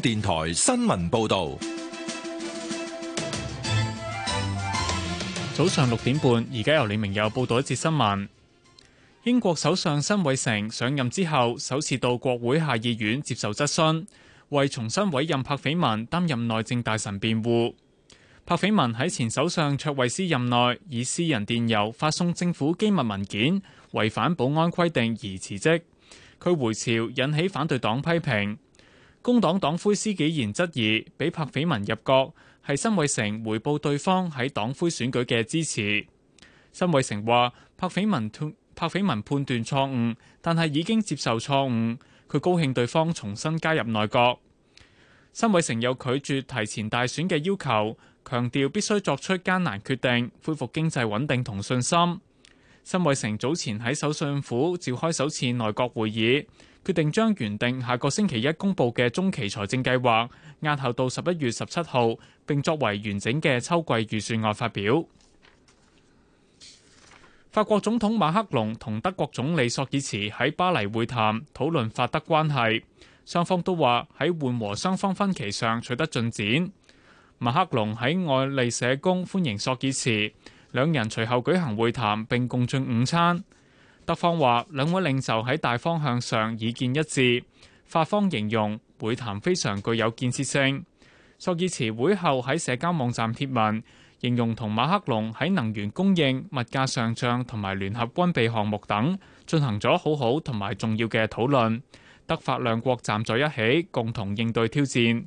電台新聞報道：早上六點半，而家由李明又報道一節新聞。英國首相辛偉成上任之後，首次到國會下議院接受質詢，為重新委任柏斐文擔任內政大臣辯護。柏斐文喺前首相卓慧斯任內，以私人電郵發送政府機密文件，違反保安規定而辭職。佢回朝引起反對黨批評。工黨黨魁施紀賢質疑，俾柏斐文入閣係辛偉誠回報對方喺黨魁選舉嘅支持。辛偉誠話柏斐文判柏斐文判斷錯誤，但係已經接受錯誤。佢高興對方重新加入內閣。辛偉誠又拒絕提前大選嘅要求，強調必須作出艱難決定，恢復經濟穩定同信心。辛偉誠早前喺首相府召開首次內閣會議。決定將原定下個星期一公佈嘅中期財政計劃押後到十一月十七號，並作為完整嘅秋季預算案發表。法國總統馬克龍同德國總理索爾茨喺巴黎會談，討論法德關係，雙方都話喺緩和雙方分歧上取得進展。馬克龍喺愛麗舍宮歡迎索爾茨，兩人隨後舉行會談並共進午餐。德方話，兩位領袖喺大方向上意見一致。法方形容會談非常具有建設性。索爾茨會後喺社交網站貼文，形容同馬克龍喺能源供應、物價上漲同埋聯合軍備項目等進行咗好好同埋重要嘅討論。德法兩國站在一起，共同應對挑戰。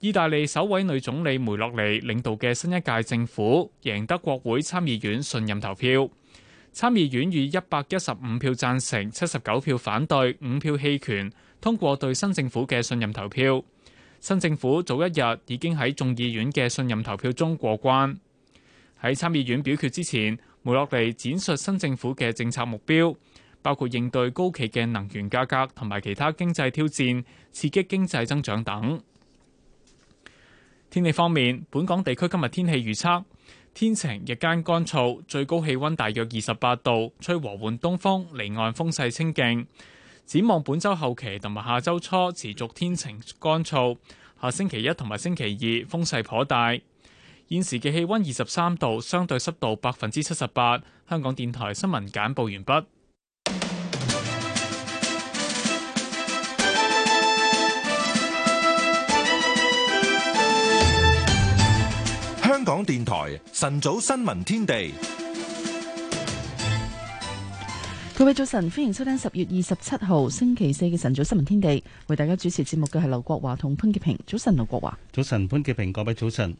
意大利首位女總理梅洛尼領導嘅新一屆政府贏得國會參議院信任投票。參議院以一百一十五票贊成、七十九票反對、五票棄權通過對新政府嘅信任投票。新政府早一日已經喺眾議院嘅信任投票中過關。喺參議院表決之前，梅洛尼展述新政府嘅政策目標，包括應對高企嘅能源價格同埋其他經濟挑戰、刺激經濟增長等。天氣方面，本港地區今日天，天氣預測。天晴，日間乾燥，最高氣温大約二十八度，吹和緩東風，離岸風勢清勁。展望本週後期同埋下周初持續天晴乾燥，下星期一同埋星期二風勢頗大。現時嘅氣温二十三度，相對濕度百分之七十八。香港電台新聞簡報完畢。香港電台晨早新聞天地，各位早晨，歡迎收聽十月二十七號星期四嘅晨早新聞天地。為大家主持節目嘅係劉國華同潘潔平。早晨，劉國華。早晨，潘潔平。各位早晨。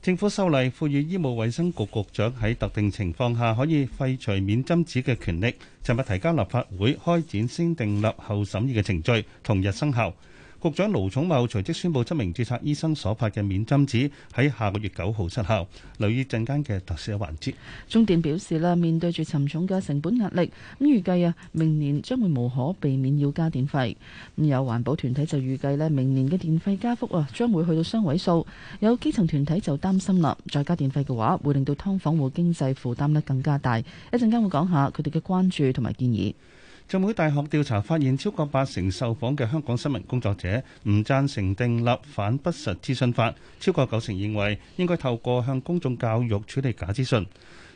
政府修例賦予醫務衛生局局長喺特定情況下可以廢除免針紙嘅權力，尋日提交立法會開展先訂立後審議嘅程序，同日生效。局長盧寵茂隨即宣布，七名註冊醫生所發嘅免針紙喺下個月九號失效。留意陣間嘅特色環節。中電表示啦，面對住沉重嘅成本壓力，咁預計啊，明年將會無可避免要加電費。咁有環保團體就預計咧，明年嘅電費加幅啊，將會去到雙位數。有基層團體就擔心啦，再加電費嘅話，會令到劏房戶經濟負擔得更加大。一陣間會講下佢哋嘅關注同埋建議。浸會大學調查發現，超過八成受訪嘅香港新聞工作者唔贊成訂立反不實資訊法，超過九成認為應該透過向公眾教育處理假資訊。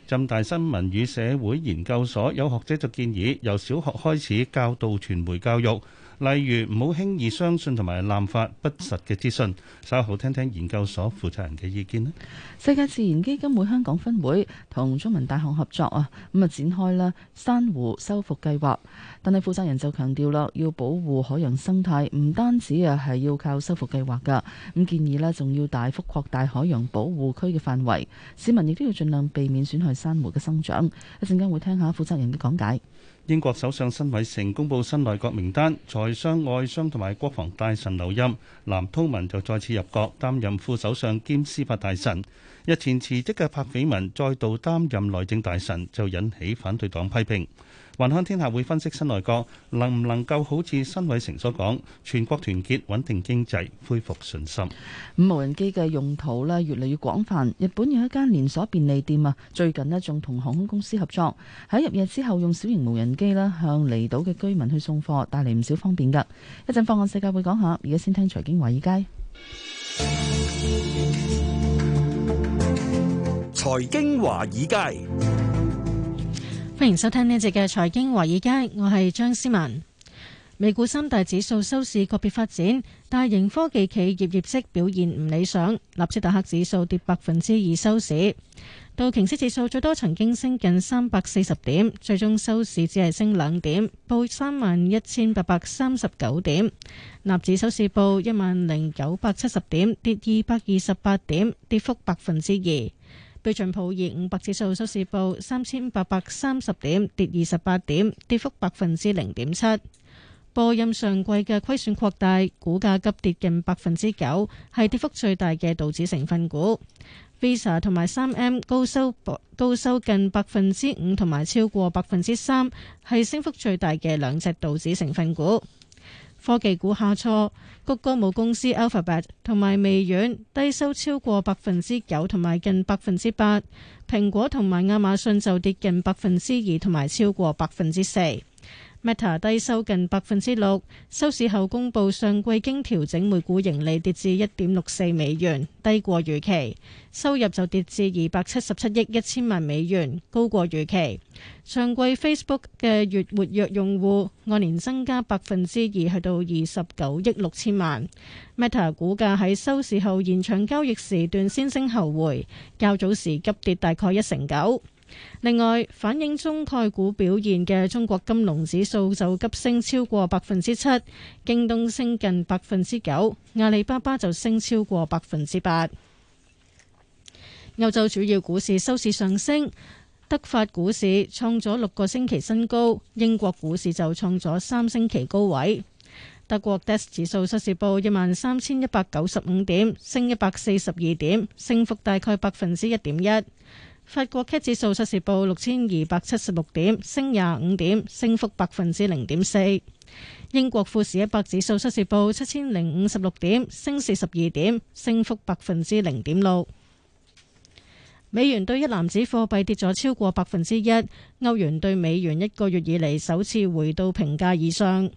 浸大新聞與社會研究所有學者就建議，由小學開始教導傳媒教育。例如唔好輕易相信同埋濫發不實嘅資訊，稍後聽聽研究所負責人嘅意見啦。世界自然基金會香港分會同中文大學合作啊，咁啊展開喇珊瑚修復計劃。但係負責人就強調啦，要保護海洋生態，唔單止啊係要靠修復計劃㗎。咁建議喇，仲要大幅擴大海洋保護區嘅範圍。市民亦都要盡量避免損害珊瑚嘅生長。一陣間會聽下負責人嘅講解。英國首相辛偉誠公佈新內閣名單，財相、外相同埋國防大臣留任，藍韜文就再次入閣擔任副首相兼司法大臣。日前辭職嘅柏斐文再度擔任內政大臣，就引起反對黨批評。寰宇天下會分析新內閣能唔能夠好似新偉成所講，全國團結穩定經濟，恢復信心。咁無人機嘅用途咧越嚟越廣泛。日本有一間連鎖便利店啊，最近咧仲同航空公司合作，喺入夜之後用小型無人機咧向離島嘅居民去送貨，帶嚟唔少方便噶。一陣放眼世界會講下，而家先聽財經華爾街。財經華爾街。歡迎收聽呢一節嘅財經華爾街，我係張思文。美股三大指數收市個別發展，大型科技企業業績表現唔理想，納斯達克指數跌百分之二收市。道瓊斯指數最多曾經升近三百四十點，最終收市只係升兩點，報三萬一千八百三十九點。納指收市報一萬零九百七十點，跌二百二十八點，跌幅百分之二。標準普爾五百指數，收市報三千八百三十點，跌二十八點，跌幅百分之零點七。波音上季嘅虧損擴大，股價急跌近百分之九，係跌幅最大嘅道指成分股。Visa 同埋三 M 高收高收近百分之五，同埋超過百分之三，係升幅最大嘅兩隻道指成分股。科技股下挫，谷歌母公司 Alphabet 同埋微軟低收超過百分之九同埋近百分之八，蘋果同埋亞馬遜就跌近百分之二同埋超過百分之四。Meta 低收近百分之六，收市後公布上季經調整每股盈利跌至一點六四美元，低過預期；收入就跌至二百七十七億一千萬美元，高過預期。上季 Facebook 嘅月活躍用戶按年增加百分之二，去到二十九億六千萬。Meta 股價喺收市後延長交易時段先升後回，較早時急跌大概一成九。另外，反映中概股表現嘅中國金龍指數就急升超過百分之七，京東升近百分之九，阿里巴巴就升超過百分之八。歐洲主要股市收市上升，德法股市創咗六個星期新高，英國股市就創咗三星期高位。德國 DAX 指數收市報一萬三千一百九十五點，升一百四十二點，升幅大概百分之一點一。法國 CAC 指數實時報六千二百七十六點，升廿五點，升幅百分之零點四。英國富時一百指數實時報七千零五十六點，升四十二點，升幅百分之零點六。美元對一籃子貨幣跌咗超過百分之一，歐元對美元一個月以嚟首次回到平價以上。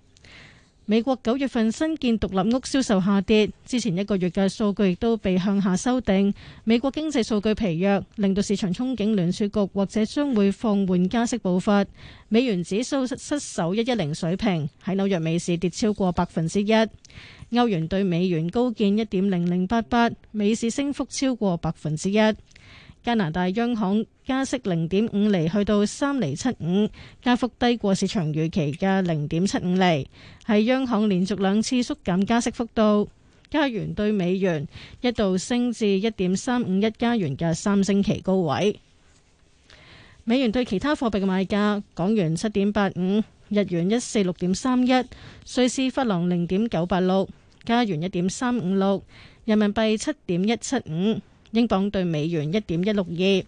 美國九月份新建獨立屋銷售下跌，之前一個月嘅數據亦都被向下修訂。美國經濟數據疲弱，令到市場憧憬聯儲局或者將會放緩加息步伐。美元指數失守一一零水平，喺紐約美市跌超過百分之一。歐元對美元高見一點零零八八，美市升幅超過百分之一。加拿大央行加息零點五厘，去到三厘七五，加幅低過市場預期嘅零點七五厘，係央行連續兩次縮減加息幅度。加元對美元一度升至一點三五一加元嘅三星期高位。美元對其他貨幣嘅賣價：港元七點八五，日元一四六點三一，瑞士法郎零點九八六，加元一點三五六，人民幣七點一七五，英鎊兌美元一點一六二。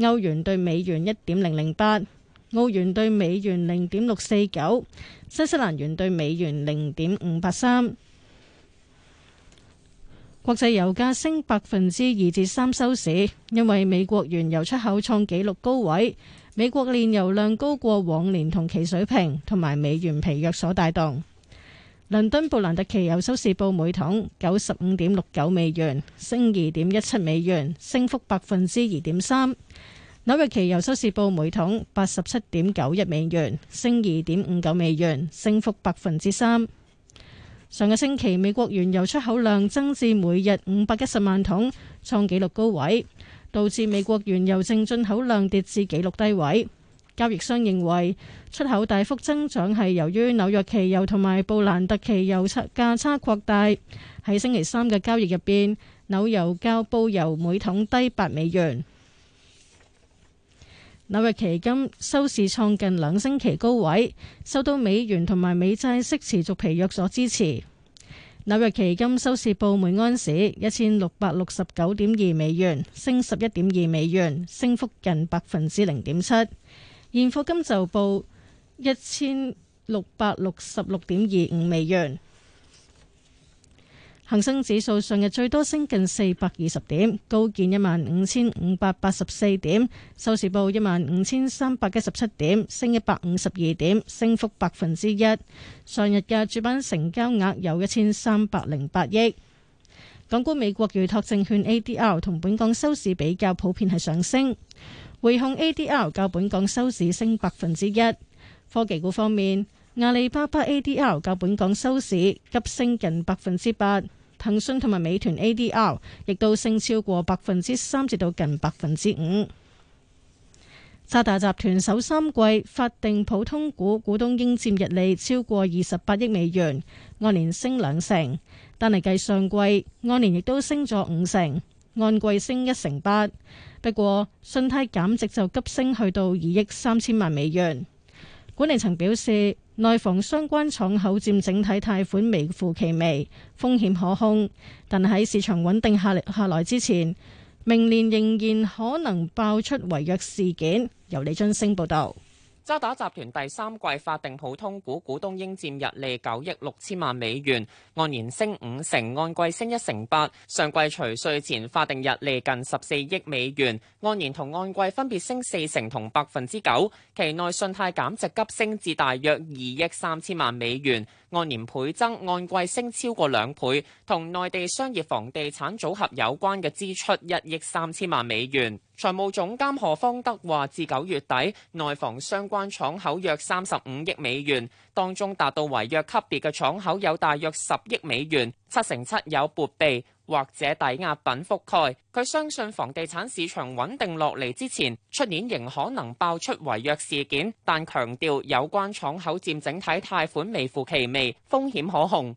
歐元對美元一點零零八，澳元對美元零點六四九，新西蘭元對美元零點五八三。國際油價升百分之二至三收市，因為美國原油出口創紀錄高位，美國煉油量高過往年同期水平，同埋美元疲弱所帶動。倫敦布蘭特期油收市報每桶九十五點六九美元，升二點一七美元，升幅百分之二點三。紐約期油收市報每桶八十七點九一美元，升二點五九美元，升幅百分之三。上個星期美國原油出口量增至每日五百一十萬桶，創紀錄高位，導致美國原油淨進口量跌至紀錄低位。交易商認為出口大幅增長係由於紐約期油同埋布蘭特期油價差擴大。喺星期三嘅交易入邊，紐油較布油每桶低八美元。紐約期金收市創近兩星期高位，受到美元同埋美債息持續疲弱所支持。紐約期金收市報每安士一千六百六十九點二美元，升十一點二美元，升幅近百分之零點七。現貨金就報一千六百六十六點二五美元。恒生指數上日最多升近四百二十點，高見一萬五千五百八十四點，收市報一萬五千三百一十七點，升一百五十二點，升幅百分之一。上日嘅主板成交額有一千三百零八億。港股美國預託證券 ADR 同本港收市比較普遍係上升，匯控 ADR 較本港收市升百分之一。科技股方面，阿里巴巴 ADR 較本港收市急升近百分之八。騰訊同埋美團 ADR 亦都升超過百分之三，至到近百分之五。渣打集團首三季法定普通股股東應佔溢利，超過二十八億美元，按年升兩成。但嚟計上季按年亦都升咗五成，按季升一成八。不過信貸減值就急升，去到二億三千萬美元。管理層表示，內房相關敞口佔整體貸款微乎其微，風險可控。但喺市場穩定下下來之前，明年仍然可能爆出違約事件。由李津升報道。渣打集團第三季法定普通股股東應佔溢利九億六千萬美元，按年升五成，按季升一成八。上季除稅前法定溢利近十四億美元，按年同按季分別升四成同百分之九。期內信貸減值急升至大約二億三千萬美元，按年倍增，按季升超過兩倍。同內地商業房地產組合有關嘅支出一億三千萬美元。財務總監何方德話，至九月底，內房相關敞口約三十五億美元，當中達到違約級別嘅敞口有大約十億美元，七成七有撥備。或者抵押品覆蓋，佢相信房地產市場穩定落嚟之前，出年仍可能爆出違約事件，但強調有關敞口佔整體貸款微乎其微，風險可控。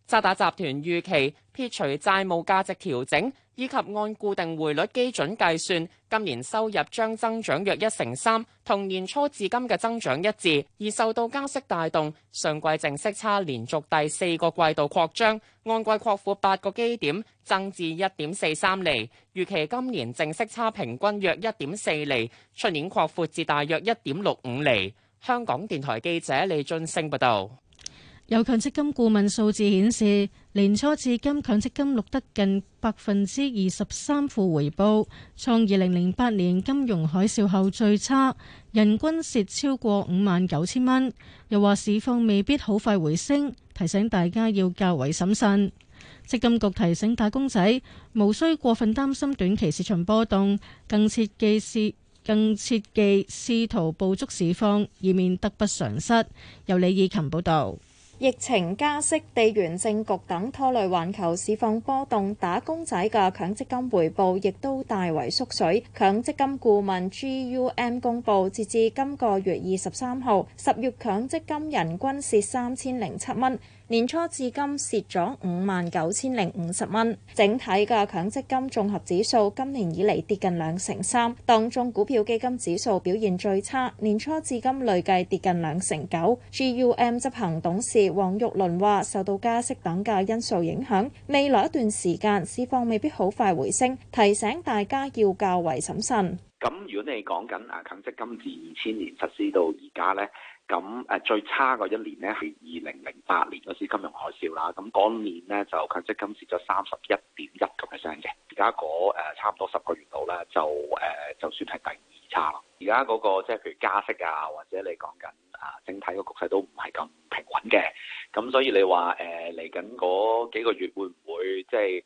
渣打集團預期撇除債務價值調整，以及按固定匯率基準計算，今年收入將增長約一成三，同年初至今嘅增長一致。而受到加息帶動，上季淨息差連續第四個季度擴張，按季擴闊八個基點，增至一點四三厘。預期今年淨息差平均約一點四厘，出年擴闊至大約一點六五厘。香港電台記者李進升報道。有強積金顧問數字顯示，年初至今強積金錄得近百分之二十三負回報，創二零零八年金融海嘯後最差，人均蝕超過五萬九千蚊。又話市況未必好快回升，提醒大家要較為審慎。積金局提醒打工仔，無需過分擔心短期市場波動，更切忌試更切忌試圖捕捉市況，以免得不償失。由李以琴報道。疫情加息、地緣政局等拖累環球市況波動，打工仔嘅強積金回報亦都大為縮水。強積金顧問 GUM 公布，截至今個月二十三號，十月強積金人均蝕三千零七蚊。年初至今蝕咗五萬九千零五十蚊，整體嘅強積金綜合指數今年以嚟，跌近兩成三，當中股票基金指數表現最差，年初至今累計跌近兩成九。GUM 執行董事黃玉麟話，受到加息等嘅因素影響，未來一段時間市況未必好快回升，提醒大家要較為審慎。咁如果你講緊啊強積金自二千年實施到而家呢？咁誒最差個一年咧係二零零八年嗰次金融海嘯啦，咁嗰年咧就購積金跌咗三十一點一咁 p e 嘅，而家嗰差唔多十個月度咧就誒就算係第二差咯，那個。而家嗰個即係譬如加息啊，或者你講緊啊整體個局勢都唔係咁平穩嘅，咁所以你話誒嚟緊嗰幾個月會唔會即係？就是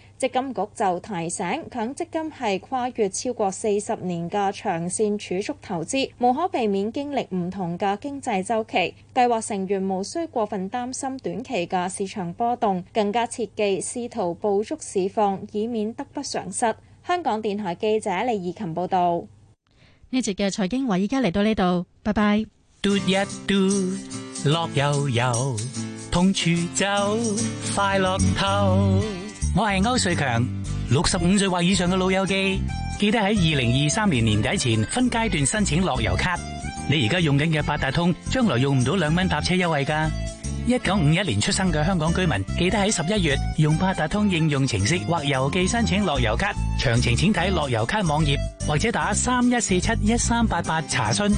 積金局就提醒，強積金係跨越超過四十年嘅長線儲蓄投資，無可避免經歷唔同嘅經濟週期。計劃成員無需過分擔心短期嘅市場波動，更加切忌試圖捕捉市況，以免得不償失。香港電台記者李怡琴報道。呢節嘅財經話，而家嚟到呢度，拜拜。嘟一嘟，一同處快樂透。」我係歐瑞強，六十五歲或以上嘅老友記，記得喺二零二三年年底前分階段申請樂悠咭。你而家用緊嘅八達通，將來用唔到兩蚊搭車優惠㗎。一九五一年出生嘅香港居民，記得喺十一月用八達通應用程式或郵寄申請樂悠咭。詳情請睇樂悠咭網頁或者打三一四七一三八八查詢。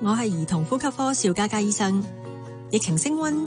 我係兒童呼吸科邵嘉嘉醫生，疫情升溫。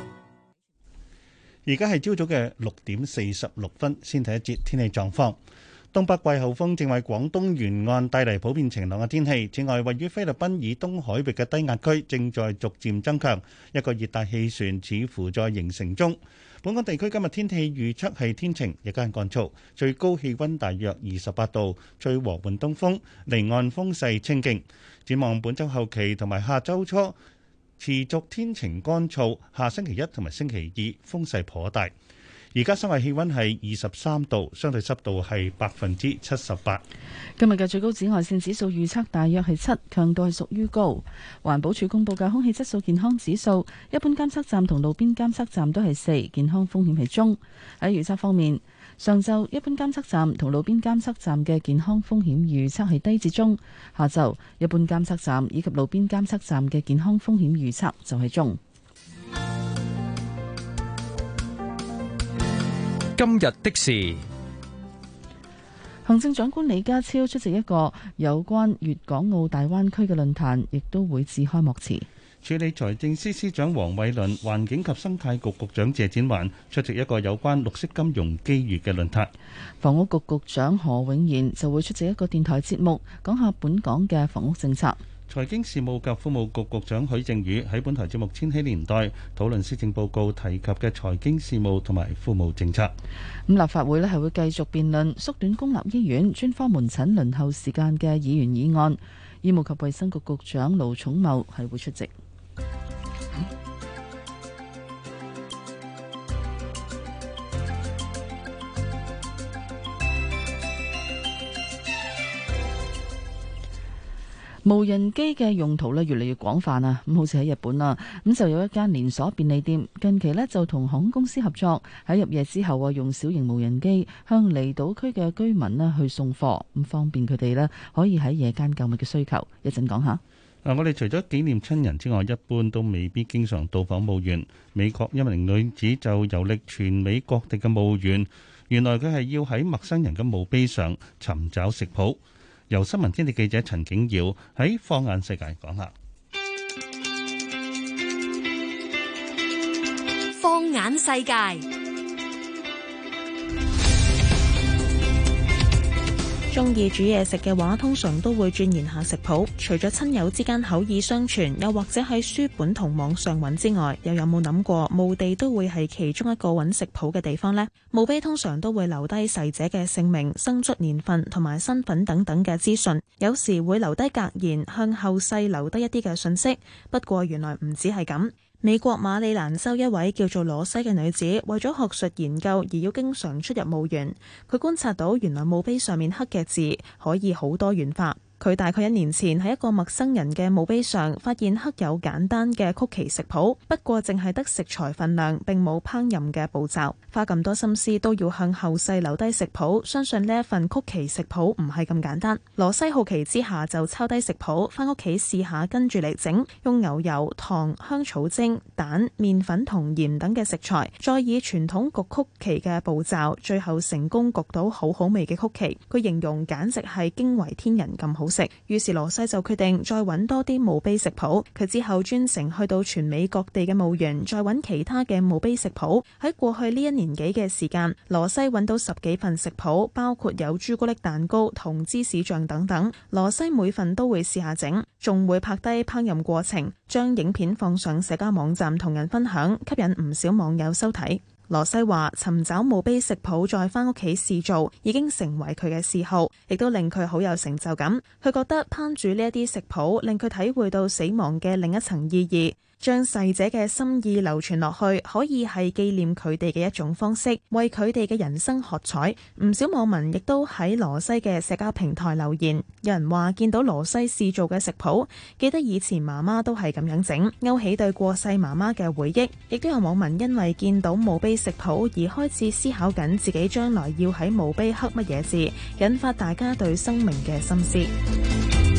而家係朝早嘅六點四十六分，先睇一節天氣狀況。東北季候風正為廣東沿岸帶嚟普遍晴朗嘅天氣。此外，位於菲律賓以東海域嘅低壓區正在逐漸增強，一個熱帶氣旋似乎在形成中。本港地區今日天,天氣預測係天晴，日間乾燥，最高氣温大約二十八度，吹和緩東風，離岸風勢清勁。展望本周後期同埋下周初。持續天晴乾燥，下星期一同埋星期二風勢頗大。而家室外氣温係二十三度，相對濕度係百分之七十八。今日嘅最高紫外線指數預測大約係七，強度係屬於高。環保署公布嘅空氣質素健康指數，一般監測站同路邊監測站都係四，健康風險係中。喺預測方面。上晝一般監測站同路邊監測站嘅健康風險預測係低至中，下晝一般監測站以及路邊監測站嘅健康風險預測就係中。今日的事，行政長官李家超出席一個有關粵港澳大灣區嘅論壇，亦都會致開幕詞。處理財政司司長黃偉綸、環境及生態局局長謝展寰出席一個有關綠色金融機遇嘅論壇。房屋局局長何永賢就會出席一個電台節目，講下本港嘅房屋政策。財經事務及服務局局長許正宇喺本台節目《千禧年代》討論施政報告提及嘅財經事務同埋服務政策。咁立法會呢係會繼續辯論縮短公立醫院專科門診輪候時間嘅議員議案。醫務及衛生局局長盧寵茂係會出席。無人機嘅用途呢越嚟越廣泛啊！咁好似喺日本啊，咁就有一間連鎖便利店近期呢就同航空公司合作，喺入夜之後啊，用小型無人機向離島區嘅居民呢去送貨，咁方便佢哋呢可以喺夜間購物嘅需求。講一陣講下。嗱、啊，我哋除咗紀念親人之外，一般都未必經常到訪墓園。美國一名女子就遊歷全美各地嘅墓園，原來佢係要喺陌生人嘅墓碑上尋找食譜。由新聞天地記者陳景耀喺《放眼世界》講下。放眼世界。中意煮嘢食嘅話，通常都會鑽研下食譜。除咗親友之間口耳相傳，又或者喺書本同網上揾之外，又有冇諗過墓地都會係其中一個揾食譜嘅地方呢？墓碑通常都會留低逝者嘅姓名、生卒年份同埋身份等等嘅資訊，有時會留低格言，向後世留低一啲嘅信息。不過原來唔止係咁。美國馬里蘭州一位叫做羅西嘅女子，為咗學術研究而要經常出入墓園，佢觀察到原來墓碑上面刻嘅字可以好多元化。佢大概一年前喺一個陌生人嘅墓碑上發現刻有簡單嘅曲奇食譜，不過淨係得食材份量，並冇烹飪嘅步驟。花咁多心思都要向後世留低食譜，相信呢一份曲奇食譜唔係咁簡單。羅西好奇之下就抄低食譜返屋企試下跟住嚟整，用牛油、糖、香草精、蛋、麵粉同鹽等嘅食材，再以傳統焗曲奇嘅步驟，最後成功焗到好好味嘅曲奇。佢形容簡直係驚為天人咁好。食，於是羅西就決定再揾多啲墓碑食譜。佢之後專程去到全美各地嘅墓園，再揾其他嘅墓碑食譜。喺過去呢一年幾嘅時間，羅西揾到十幾份食譜，包括有朱古力蛋糕同芝士醬等等。羅西每份都會試下整，仲會拍低烹飪過程，將影片放上社交網站同人分享，吸引唔少網友收睇。羅西話：尋找墓碑食譜再返屋企試做，已經成為佢嘅嗜好，亦都令佢好有成就感。佢覺得烹煮呢一啲食譜，令佢體會到死亡嘅另一層意義。將逝者嘅心意流傳落去，可以係紀念佢哋嘅一種方式，為佢哋嘅人生喝彩。唔少網民亦都喺羅西嘅社交平台留言，有人話見到羅西試做嘅食譜，記得以前媽媽都係咁樣整，勾起對過世媽媽嘅回憶。亦都有網民因為見到墓碑食譜而開始思考緊自己將來要喺墓碑刻乜嘢字，引發大家對生命嘅心思。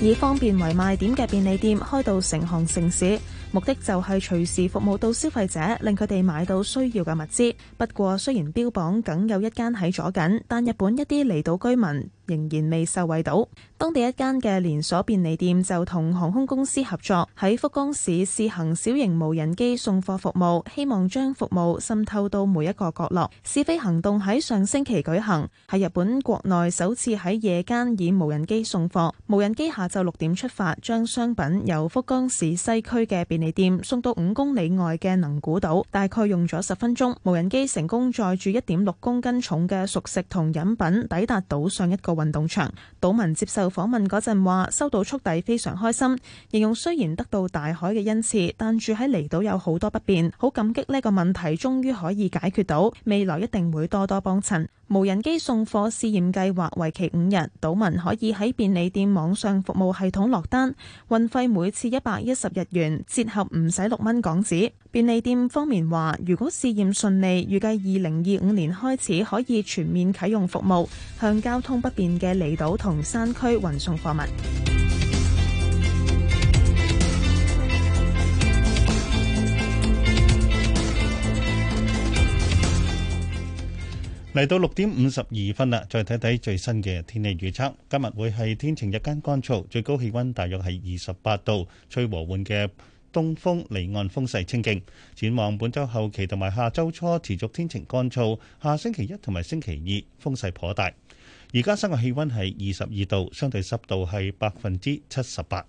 以方便為賣點嘅便利店開到成行成市，目的就係隨時服務到消費者，令佢哋買到需要嘅物資。不過雖然標榜梗有一間喺左近，但日本一啲離島居民。仍然未受惠到。當地一間嘅連鎖便利店就同航空公司合作，喺福岡市試行小型無人機送貨服務，希望將服務滲透到每一個角落。試飛行動喺上星期舉行，喺日本國內首次喺夜間以無人機送貨，無人機下晝六點出發，將商品由福岡市西區嘅便利店送到五公里外嘅能古島，大概用咗十分鐘，無人機成功載住一點六公斤重嘅熟食同飲品，抵達島上一個。運動場，島民接受訪問嗰陣話，收到速遞非常開心。形容雖然得到大海嘅恩賜，但住喺離島有好多不便，好感激呢個問題終於可以解決到，未來一定會多多幫襯。無人機送貨試驗計劃為期五日，島民可以喺便利店網上服務系統落單，運費每次一百一十日元，折合唔使六蚊港紙。便利店方面話，如果試驗順利，預計二零二五年開始可以全面啟用服務，向交通不便嘅離島同山區運送貨物。嚟到六點五十二分啦，再睇睇最新嘅天氣預測。今日會係天晴，日間乾燥，最高氣溫大約係二十八度，吹和緩嘅東風，離岸風勢清勁。展望本周後期同埋下周初，持續天晴乾燥。下星期一同埋星期二風勢頗大。而家室外氣溫係二十二度，相對濕度係百分之七十八。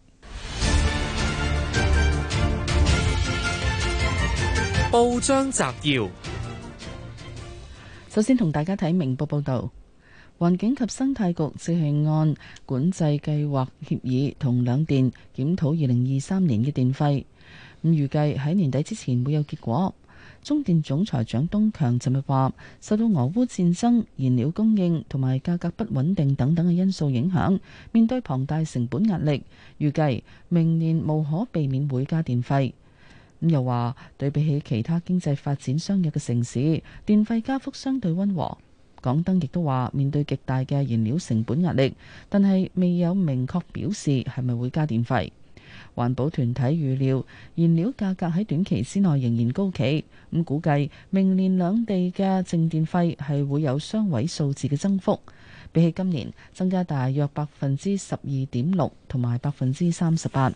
報章摘要。首先同大家睇明報報道，環境及生態局正係按管制計劃協議同兩電檢討二零二三年嘅電費，咁預計喺年底之前會有結果。中電總裁蔣東強尋日話，受到俄烏戰爭、燃料供應同埋價格不穩定等等嘅因素影響，面對龐大成本壓力，預計明年無可避免會加電費。咁又話對比起其他經濟發展相若嘅城市，電費加幅相對溫和。港燈亦都話面對極大嘅燃料成本壓力，但係未有明確表示係咪會加電費。環保團體預料燃料價格喺短期之內仍然高企，咁估計明年兩地嘅淨電費係會有雙位數字嘅增幅，比起今年增加大約百分之十二點六同埋百分之三十八。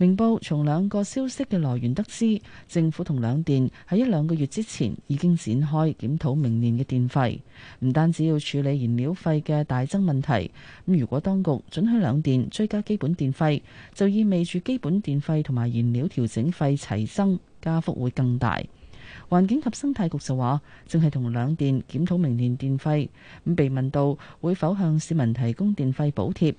明報從兩個消息嘅來源得知，政府同兩電喺一兩個月之前已經展開檢討明年嘅電費。唔單止要處理燃料費嘅大增問題，咁如果當局准許兩電追加基本電費，就意味住基本電費同埋燃料調整費齊增，加幅會更大。環境及生態局就話，正係同兩電檢討明年電費。咁被問到會否向市民提供電費補貼？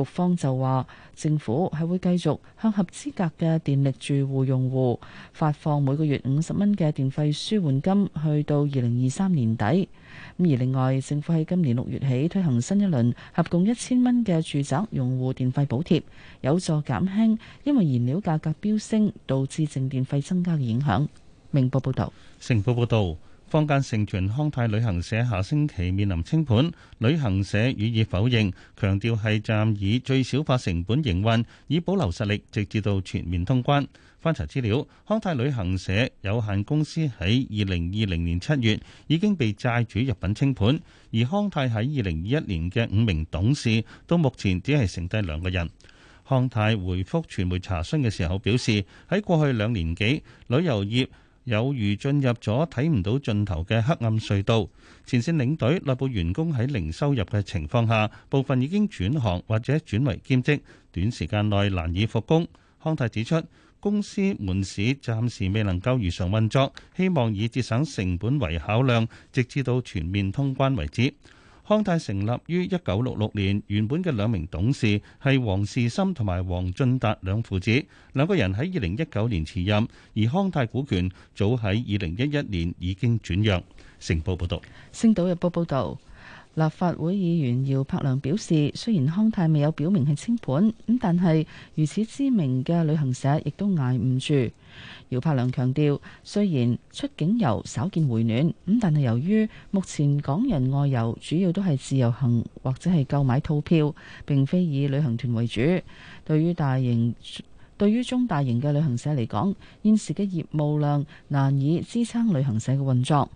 局方就話，政府係會繼續向合資格嘅電力住戶用戶發放每個月五十蚊嘅電費舒緩金，去到二零二三年底。咁而另外，政府喺今年六月起推行新一輪合共一千蚊嘅住宅用戶電費補貼，有助減輕因為燃料價格飆升導致淨電費增加嘅影響。明報報道，城報報道。坊間盛傳康泰旅行社下星期面臨清盤，旅行社予以否認，強調係暫以最小化成本營運，以保留實力，直至到全面通關。翻查資料，康泰旅行社有限公司喺二零二零年七月已經被債主入稟清盤，而康泰喺二零二一年嘅五名董事到目前只係剩低兩個人。康泰回覆傳媒查詢嘅時候表示，喺過去兩年幾旅遊業，有如進入咗睇唔到盡頭嘅黑暗隧道，前線領隊內部員工喺零收入嘅情況下，部分已經轉行或者轉為兼職，短時間內難以復工。康泰指出，公司門市暫時未能夠如常運作，希望以節省成本為考量，直至到全面通關為止。康泰成立於一九六六年，原本嘅兩名董事係黃士森同埋黃俊達兩父子，兩個人喺二零一九年辭任，而康泰股權早喺二零一一年已經轉讓。成報報道，星島日報報道，立法會議員姚柏良表示，雖然康泰未有表明係清盤，咁但係如此知名嘅旅行社亦都捱唔住。姚柏良強調，雖然出境遊稍見回暖咁，但係由於目前港人外遊主要都係自由行或者係購買套票，並非以旅行團為主。對於大型對於中大型嘅旅行社嚟講，現時嘅業務量難以支撐旅行社嘅運作。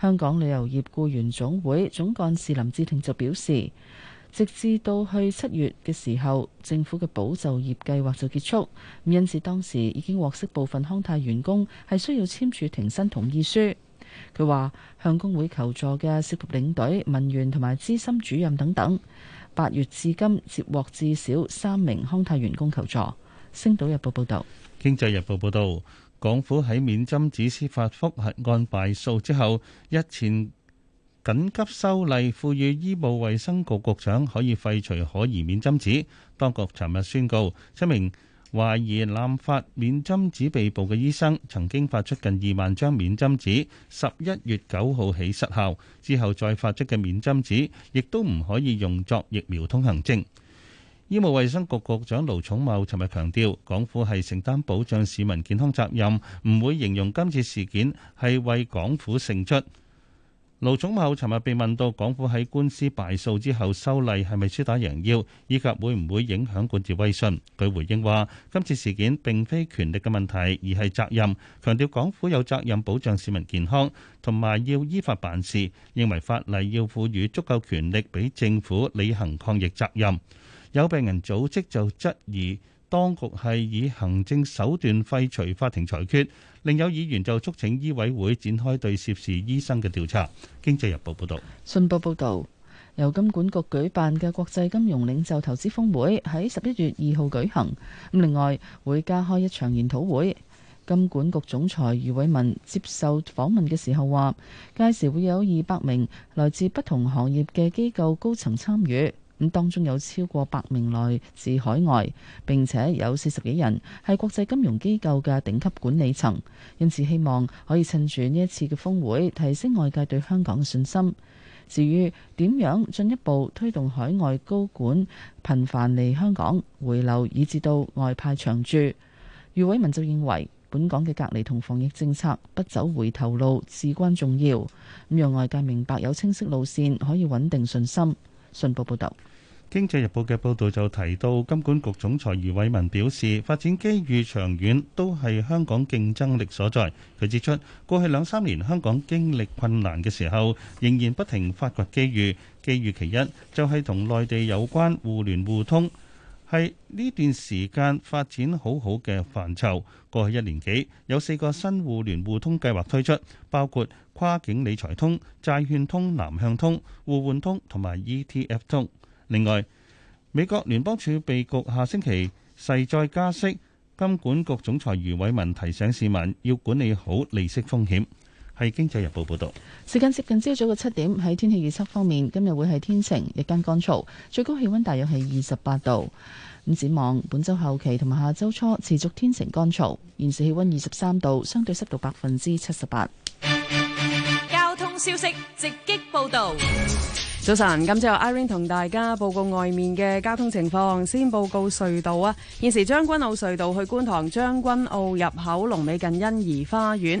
香港旅遊業僱員總會總幹事林志庭就表示，直至到去七月嘅時候，政府嘅保就業計劃就結束。因此當時已經獲悉部分康泰員工係需要簽署停薪同意書，佢話向工會求助嘅涉及領隊文員同埋資深主任等等。八月至今接獲至少三名康泰員工求助。星島日報報道，經濟日報報道港府喺免針指司法覆核案敗訴之後一前。緊急修例賦予醫務衛生局局長可以廢除可疑免針紙。當局尋日宣告，七名懷疑濫發免針紙被捕嘅醫生，曾經發出近二萬張免針紙，十一月九號起失效。之後再發出嘅免針紙，亦都唔可以用作疫苗通行證。醫務衛生局局長盧寵茂尋日強調，港府係承擔保障市民健康責任，唔會形容今次事件係為港府勝出。盧寵茂尋日被問到，港府喺官司敗訴之後修例係咪輸打贏要，以及會唔會影響管治威信。佢回應話：今次事件並非權力嘅問題，而係責任。強調港府有責任保障市民健康，同埋要依法辦事。認為法例要賦予足夠權力俾政府履行抗疫責任。有病人組織就質疑當局係以行政手段廢除法庭裁決。另有議員就促請醫委會展開對涉事醫生嘅調查。經濟日報報道，信報報道，由金管局舉辦嘅國際金融領袖投資峰會喺十一月二號舉行。咁另外會加開一場研討會。金管局總裁余偉文接受訪問嘅時候話，屆時會有二百名來自不同行業嘅機構高層參與。咁當中有超過百名來自海外，並且有四十幾人係國際金融機構嘅頂級管理層，因此希望可以趁住呢一次嘅峰會提升外界對香港嘅信心。至於點樣進一步推動海外高管頻繁嚟香港回流，以至到外派長駐，余偉文就認為本港嘅隔離同防疫政策不走回頭路至關重要，咁讓外界明白有清晰路線可以穩定信心。信報報導，《經濟日報》嘅報導就提到，金管局總裁余偉文表示，發展機遇長遠都係香港競爭力所在。佢指出，過去兩三年香港經歷困難嘅時候，仍然不停發掘機遇。機遇其一就係同內地有關互聯互通。係呢段時間發展好好嘅範疇，過去一年幾有四個新互聯互通計劃推出，包括跨境理財通、債券通、南向通、互換通同埋 ETF 通。另外，美國聯邦儲備局下星期勢在加息，金管局總裁余偉文提醒市民要管理好利息風險。係《經濟日報》報道，時間接近朝早嘅七點。喺天氣預測方面，今日會係天晴，日間乾燥，最高氣温大約係二十八度。咁展望，本周後期同埋下周初持續天晴乾燥。現時氣温二十三度，相對濕度百分之七十八。交通消息直擊報道，早晨，今朝有 Irene 同大家報告外面嘅交通情況。先報告隧道啊，現時將軍澳隧道去觀塘將軍澳入口，龍尾近欣怡花園。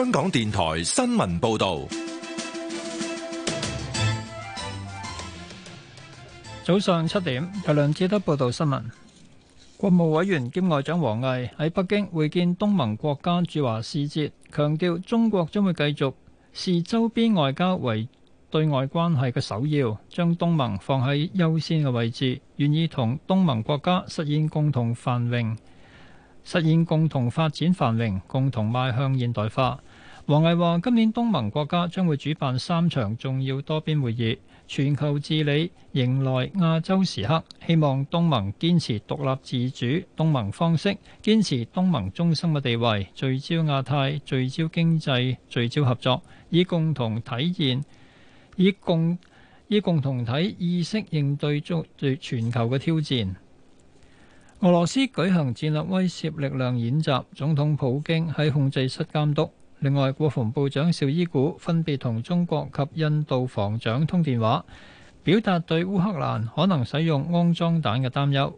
香港電台新聞報道，早上七點由梁志德報道新聞。國務委員兼外長王毅喺北京會見東盟國家駐華使節，強調中國將會繼續視周邊外交為對外關係嘅首要，將東盟放喺優先嘅位置，願意同東盟國家實現共同繁榮，實現共同發展繁榮，共同邁向現代化。王毅話：今年東盟國家將會主辦三場重要多邊會議，全球治理迎來亞洲時刻。希望東盟堅持獨立自主東盟方式，堅持東盟中心嘅地位，聚焦亞太，聚焦經濟，聚焦合作，以共同體現以共以共同體意識應對全全球嘅挑戰。俄羅斯舉行戰略威懾力量演習，總統普京喺控制室監督。另外，國防部長邵伊古分別同中國及印度防長通電話，表達對烏克蘭可能使用安裝彈嘅擔憂。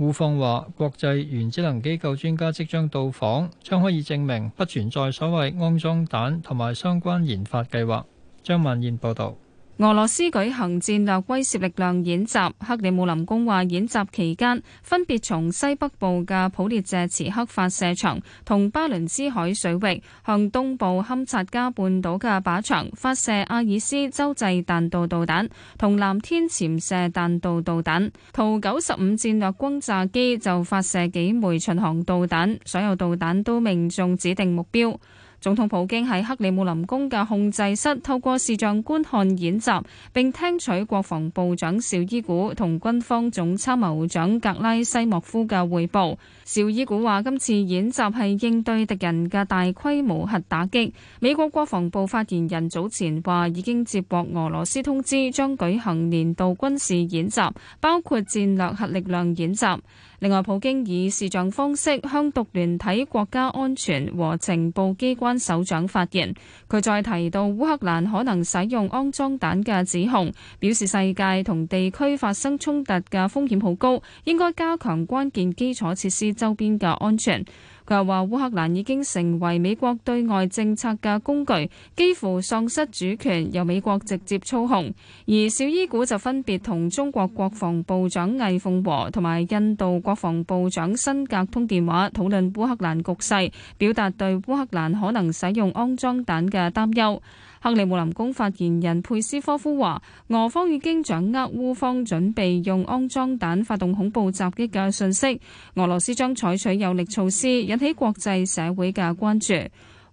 烏方話，國際原子能機構專家即將到訪，將可以證明不存在所謂安裝彈同埋相關研發計劃。張曼燕報導。俄羅斯舉行戰略威懾力量演習，克里姆林宮話演習期間，分別從西北部嘅普列謝茨克發射場同巴倫支海水域向東部堪察加半島嘅靶場發射阿爾斯洲際彈道導彈同藍天潛射彈道導彈，圖 -95 戰略轟炸機就發射幾枚巡航導彈，所有導彈都命中指定目標。總統普京喺克里姆林宮嘅控制室透過視像觀看演習，並聽取國防部長邵伊古同軍方總參謀長格拉西莫夫嘅彙報。邵伊古話，今次演習係應對敵人嘅大規模核打擊。美國國防部發言人早前話已經接獲俄羅斯通知，將舉行年度軍事演習，包括戰略核力量演習。另外，普京以視像方式向獨聯體國家安全和情報機關首長發言，佢再提到烏克蘭可能使用安裝彈嘅指控，表示世界同地區發生衝突嘅風險好高，應該加強關鍵基礎設施周邊嘅安全。佢話：烏克蘭已經成為美國對外政策嘅工具，幾乎喪失主權，由美國直接操控。而紹伊古就分別同中國國防部長魏鳳和同埋印度國防部長辛格通電話，討論烏克蘭局勢，表達對烏克蘭可能使用安裝彈嘅擔憂。克里姆林宮發言人佩斯科夫話：俄方已經掌握烏方準備用安裝彈發動恐怖襲擊嘅信息，俄羅斯將採取有力措施，引起國際社會嘅關注。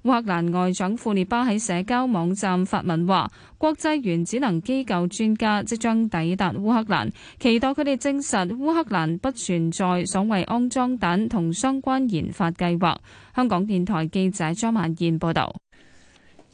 烏克蘭外長庫列巴喺社交網站發文話：國際原子能機構專家即將抵達烏克蘭，期待佢哋證實烏克蘭不存在所謂安裝彈同相關研發計劃。香港電台記者張曼燕報道。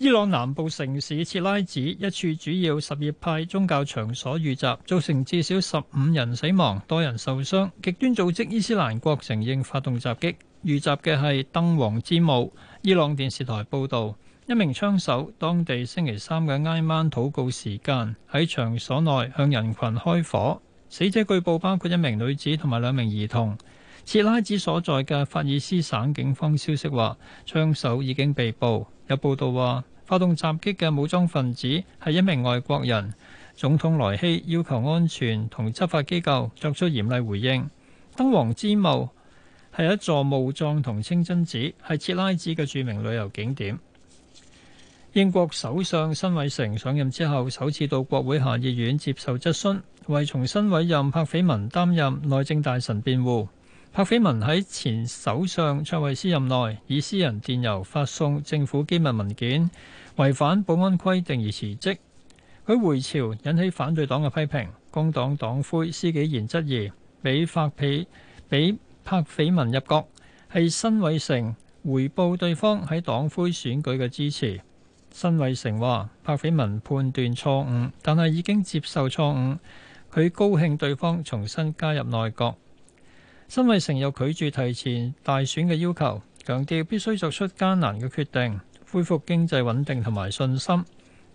伊朗南部城市切拉子一處主要什葉派宗教場所遇襲，造成至少十五人死亡、多人受傷。極端組織伊斯蘭國承認發動襲擊。遇襲嘅係燈王之墓。伊朗電視台報道，一名槍手當地星期三嘅挨晚禱告時間喺場所內向人群開火。死者據報包括一名女子同埋兩名兒童。切拉子所在嘅法爾斯省警方消息話，槍手已經被捕。有報道話，發動襲擊嘅武裝分子係一名外國人。總統萊希要求安全同執法機構作出嚴厲回應。登王之墓係一座墓葬同清真寺，係設拉子嘅著名旅遊景點。英國首相辛偉誠上任之後首次到國會下議院接受質詢，為重新委任柏斐文擔任內政大臣辯護。柏斐文喺前首相卓慧思任內，以私人電郵發送政府機密文件，違反保安規定而辭職。佢回朝引起反對黨嘅批評，工黨黨魁施紀賢質疑，俾發俾俾柏斐文入閣係辛偉誠回報對方喺黨魁選舉嘅支持。辛偉誠話：柏斐文判斷錯誤，但係已經接受錯誤。佢高興對方重新加入內閣。辛偉誠又拒絕提前大選嘅要求，強調必須作出艱難嘅決定，恢復經濟穩定同埋信心。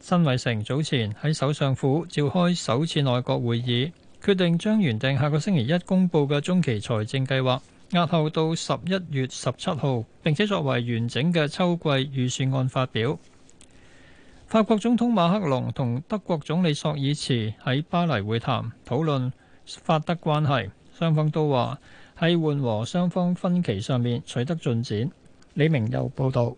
辛偉誠早前喺首相府召開首次內閣會議，決定將原定下個星期一公佈嘅中期財政計劃押後到十一月十七號，並且作為完整嘅秋季預算案發表。法國總統馬克龍同德國總理索爾茨喺巴黎會談，討論法德關係，雙方都話，係緩和雙方分歧上面取得進展。李明又報道，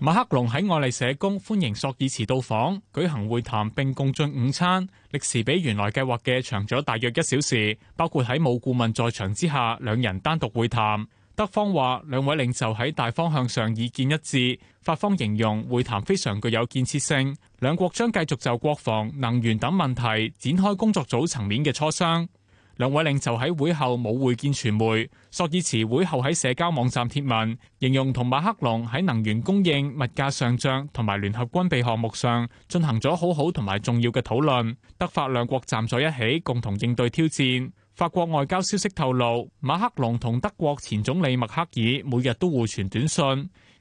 馬克龍喺愛麗舍宮歡迎索爾茨到訪，舉行會談並共進午餐，歷時比原來計劃嘅長咗大約一小時，包括喺冇顧問在場之下，兩人單獨會談。德方話，兩位領袖喺大方向上意見一致，法方形容會談非常具有建設性，兩國將繼續就國防、能源等問題展開工作組層面嘅磋商。兩位領袖就喺會後冇會見傳媒。索爾茨會後喺社交網站貼文，形容同馬克龍喺能源供應、物價上漲同埋聯合軍備項目上進行咗好好同埋重要嘅討論。德法兩國站在一起，共同應對挑戰。法國外交消息透露，馬克龍同德國前總理默克爾每日都互傳短信。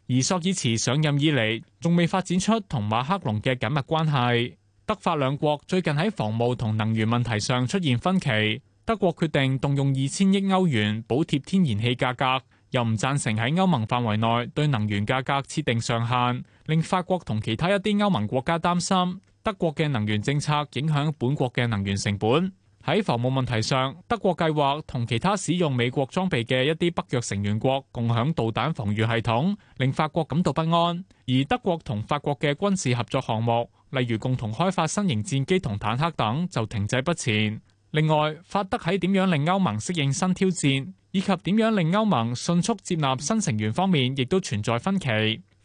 而索爾茨上任以嚟仲未發展出同馬克龍嘅緊密關係。德法兩國最近喺防務同能源問題上出現分歧。德國決定動用二千億歐元補貼天然氣價格，又唔贊成喺歐盟範圍內對能源價格設定上限，令法國同其他一啲歐盟國家擔心德國嘅能源政策影響本國嘅能源成本。喺防務問題上，德國計劃同其他使用美國裝備嘅一啲北約成員國共享導彈防禦系統，令法國感到不安。而德國同法國嘅軍事合作項目，例如共同開發新型戰機同坦克等，就停滯不前。另外，法德喺點樣令歐盟適應新挑戰，以及點樣令歐盟迅速接納新成員方面，亦都存在分歧。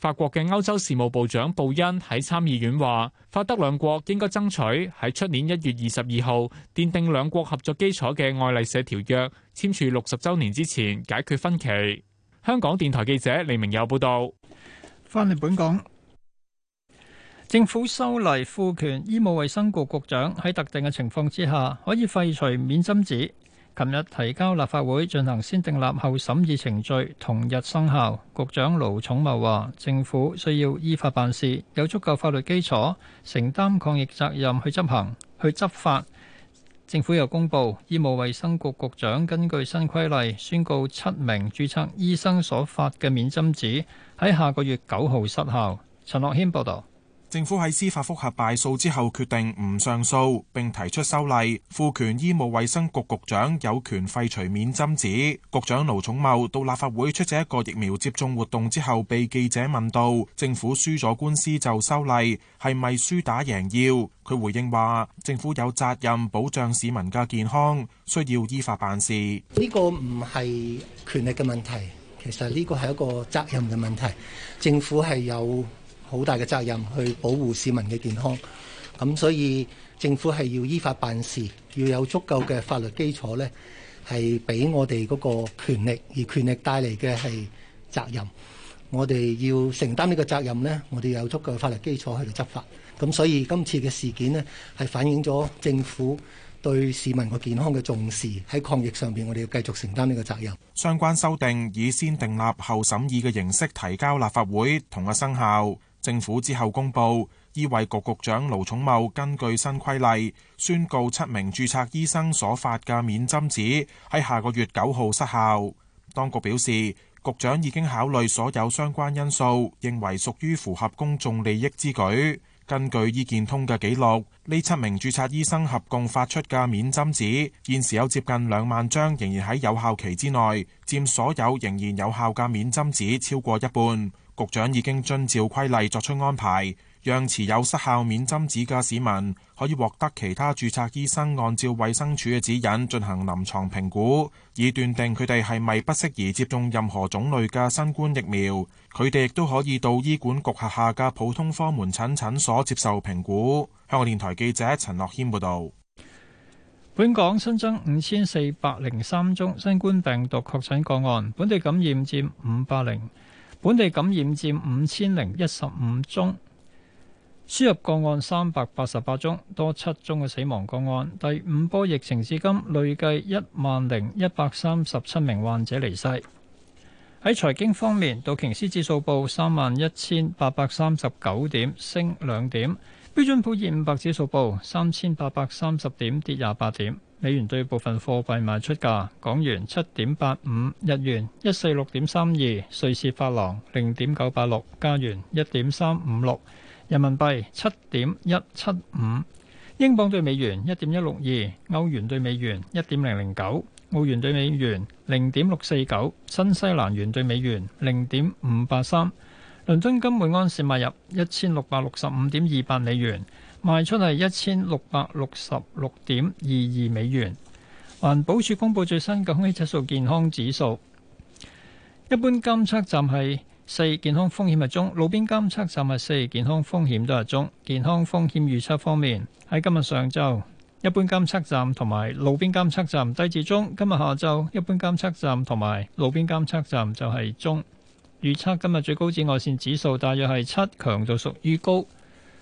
法國嘅歐洲事務部長布恩喺參議院話：法德兩國應該爭取喺出年一月二十二號，奠定兩國合作基礎嘅愛麗舍條約簽署六十週年之前解決分歧。香港電台記者李明友報導。翻嚟本港。政府修例，賦權醫務衛生局局長喺特定嘅情況之下可以廢除免針紙。琴日提交立法會進行先訂立後審議程序，同日生效。局長盧寵茂話：政府需要依法辦事，有足夠法律基礎，承擔抗疫責任去執行，去執法。政府又公布，醫務衛生局局長根據新規例宣告七名註冊醫生所發嘅免針紙喺下個月九號失效。陳樂軒報導。政府喺司法覆核敗訴之後，決定唔上訴，並提出修例。賦權醫務衛生局局長有權廢除免針紙。局長盧寵茂到立法會出席一個疫苗接種活動之後，被記者問到：政府輸咗官司就修例，係咪輸打贏要？佢回應話：政府有責任保障市民嘅健康，需要依法辦事。呢個唔係權力嘅問題，其實呢個係一個責任嘅問題。政府係有好大嘅責任去保護市民嘅健康，咁所以政府係要依法辦事，要有足夠嘅法律基礎咧，係俾我哋嗰個權力，而權力帶嚟嘅係責任。我哋要承擔呢個責任咧，我哋有足夠嘅法律基礎去到執法。咁所以今次嘅事件咧，係反映咗政府對市民個健康嘅重視，喺抗疫上邊，我哋要繼續承擔呢個責任。相關修訂以先訂立後審議嘅形式提交立法會同阿生效。政府之後公佈，醫衞局局長盧寵茂根據新規例宣告七名註冊醫生所發嘅免針紙喺下個月九號失效。當局表示，局長已經考慮所有相關因素，認為屬於符合公眾利益之舉。根據醫健通嘅記錄，呢七名註冊醫生合共發出嘅免針紙，現時有接近兩萬張，仍然喺有效期之內，佔所有仍然有效嘅免針紙超過一半。局長已經遵照規例作出安排，讓持有失效免針紙嘅市民可以獲得其他註冊醫生按照衛生署嘅指引進行臨床評估，以斷定佢哋係咪不適宜接種任何種類嘅新冠疫苗。佢哋亦都可以到醫管局轄下嘅普通科門診診所接受評估。香港電台記者陳樂謙報道。本港新增五千四百零三宗新冠病毒確診個案，本地感染佔五百零。本地感染佔五千零一十五宗，輸入個案三百八十八宗，多七宗嘅死亡個案。第五波疫情至今累計一萬零一百三十七名患者離世。喺財經方面，道瓊斯指數報三萬一千八百三十九點，升兩點；標準普爾五百指數報三千八百三十點，跌廿八點。美元對部分貨幣賣出價：港元七點八五，日元一四六點三二，瑞士法郎零點九八六，加元一點三五六，人民幣七點一七五，英鎊對美元一點一六二，歐元對美元一點零零九，澳元對美元零點六四九，新西蘭元對美元零點五八三。倫敦金每安士賣入一千六百六十五點二八美元。賣出係一千六百六十六點二二美元。環保署公布最新嘅空氣質素健康指數，一般監測站係四，健康風險係中，路邊監測站係四，健康風險都係中。健康風險預測方面，喺今日上晝，一般監測站同埋路邊監測站低至中；今日下晝，一般監測站同埋路邊監測站就係中。預測今日最高紫外線指數大約係七，強度屬於高。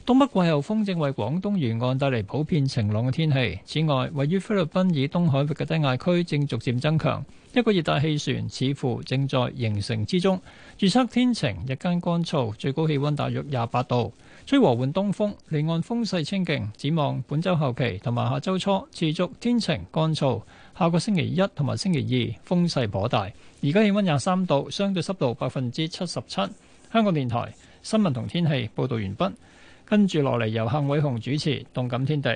東北季候風正為廣東沿岸帶嚟普遍晴朗嘅天氣。此外，位於菲律賓以東海域嘅低壓區正逐漸增強，一個熱帶氣旋似乎正在形成之中。預測天晴，日間乾燥，最高氣溫大約廿八度，吹和緩東風，離岸風勢清勁。展望本周後期同埋下周初持續天晴乾燥。下個星期一同埋星期二風勢頗大。而家氣溫廿三度，相對濕度百分之七十七。香港電台新聞同天氣報道完畢。跟住落嚟由幸偉雄主持《動感天地》。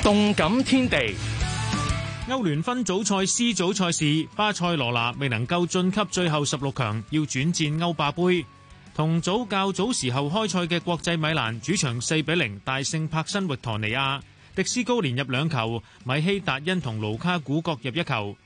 《動感天地》歐聯分組賽 C 組賽事，巴塞羅那未能夠晉級最後十六強，要轉戰歐霸盃。同組較早時候開賽嘅國際米蘭主場四比零大勝帕辛活托尼亞，迪斯高連入兩球，米希達恩同盧卡古各入一球。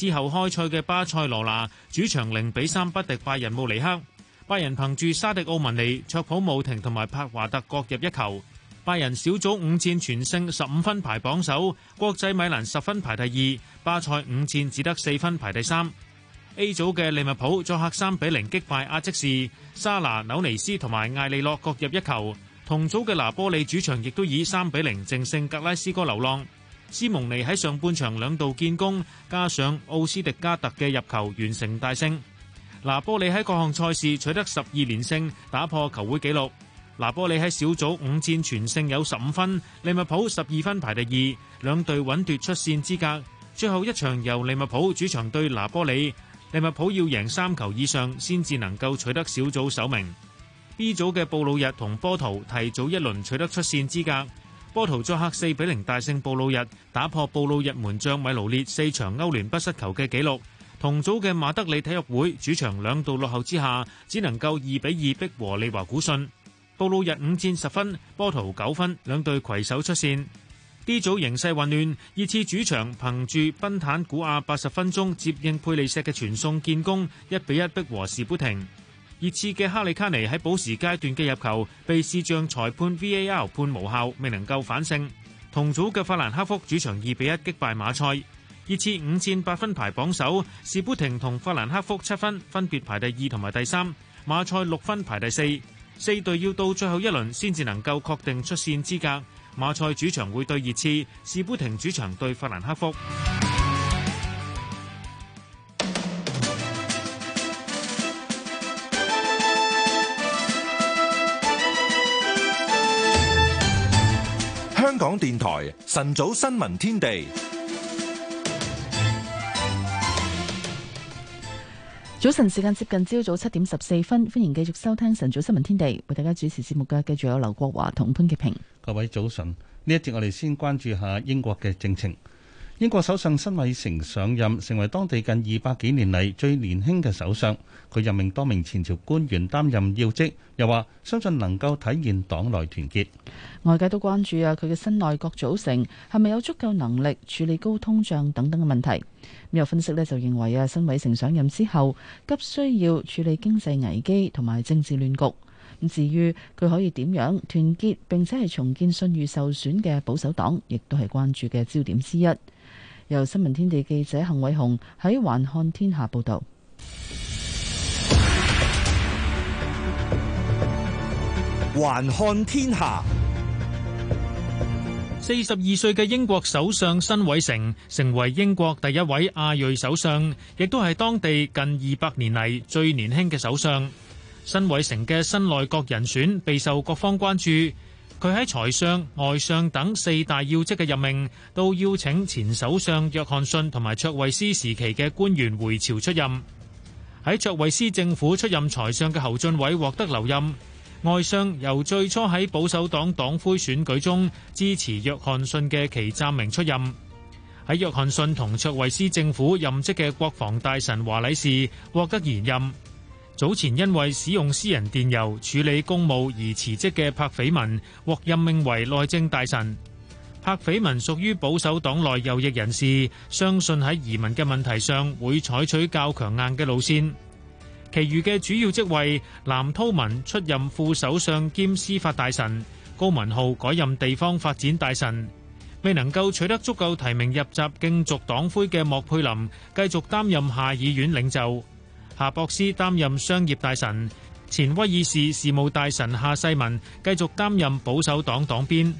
之後開賽嘅巴塞羅那主場零比三不敵拜仁慕尼黑，拜仁憑住沙迪奧文尼、卓普姆廷同埋柏華特各入一球。拜仁小組五戰全勝，十五分排榜首。國際米蘭十分排第二，巴塞五戰只得四分排第三。A 組嘅利物浦作客三比零擊敗阿積士，沙拿、紐尼斯同埋艾利洛各入一球。同組嘅拿波利主場亦都以三比零淨勝格拉斯哥流浪。斯蒙尼喺上半場兩度建功，加上奧斯迪加特嘅入球，完成大勝。拿波里喺各項賽事取得十二連勝，打破球會紀錄。拿波里喺小組五戰全勝，有十五分，利物浦十二分排第二，兩隊穩奪出線資格。最後一場由利物浦主場對拿波里，利物浦要贏三球以上，先至能夠取得小組首名。B 組嘅布魯日同波圖提早一輪取得出線資格。波圖作客四比零大勝布魯日，打破布魯日門將米盧列四場歐聯不失球嘅紀錄。同組嘅馬德里體育會主場兩度落後之下，只能夠二比二逼和利華古信。布魯日五戰十分，波圖九分，兩隊攜手出線。D 組形勢混亂，熱刺主場憑住賓坦古亞八十分鐘接應佩利錫嘅傳送建功，一比一逼和士砵亭。熱刺嘅哈利卡尼喺補時階段嘅入球被視像裁判 VAR 判無效，未能夠反勝。同組嘅法蘭克福主場二比一擊敗馬賽。熱刺五戰八分排榜首，士砵亭同法蘭克福七分分別排第二同埋第三，馬賽六分排第四。四隊要到最後一輪先至能夠確定出線資格。馬賽主場會對熱刺，士砵亭主場對法蘭克福。香港電台晨早新聞天地，早晨時間接近朝早七點十四分，歡迎繼續收聽晨早新聞天地，為大家主持節目嘅繼續有劉國華同潘潔平。各位早晨，呢一節我哋先關注下英國嘅政情。英國首相辛偉成上任，成為當地近二百幾年嚟最年輕嘅首相。佢任命多名前朝官員擔任要職，又話相信能夠體現黨內團結。外界都關注啊，佢嘅新內閣組成係咪有足夠能力處理高通脹等等嘅問題？咁有分析呢，就認為啊，辛偉成上任之後急需要處理經濟危機同埋政治亂局。咁至於佢可以點樣團結並且係重建信譽受損嘅保守黨，亦都係關注嘅焦點之一。由新聞天地記者幸偉雄喺《環看天下》報道。《環看天下》。四十二歲嘅英國首相辛偉誠成為英國第一位亞裔首相，亦都係當地近二百年嚟最年輕嘅首相。辛偉誠嘅新內閣人選備受各方關注。佢喺財相、外相等四大要職嘅任命，都邀請前首相約翰遜同埋卓維斯時期嘅官員回朝出任。喺卓維斯政府出任財相嘅侯俊偉獲得留任，外相由最初喺保守黨黨魁選舉中支持約翰遜嘅祁贊明出任。喺約翰遜同卓維斯政府任職嘅國防大臣華禮士獲得延任。早前因為使用私人電郵處理公務而辭職嘅柏斐文獲任命為內政大臣。柏斐文屬於保守黨內右翼人士，相信喺移民嘅問題上會採取較強硬嘅路線。其餘嘅主要職位，藍韜文出任副首相兼司法大臣，高文浩改任地方發展大臣。未能夠取得足夠提名入閘競逐黨魁嘅莫佩林，繼續擔任下議院領袖。夏博斯擔任商業大臣，前威爾士事務大臣夏世民繼續擔任保守黨黨鞭。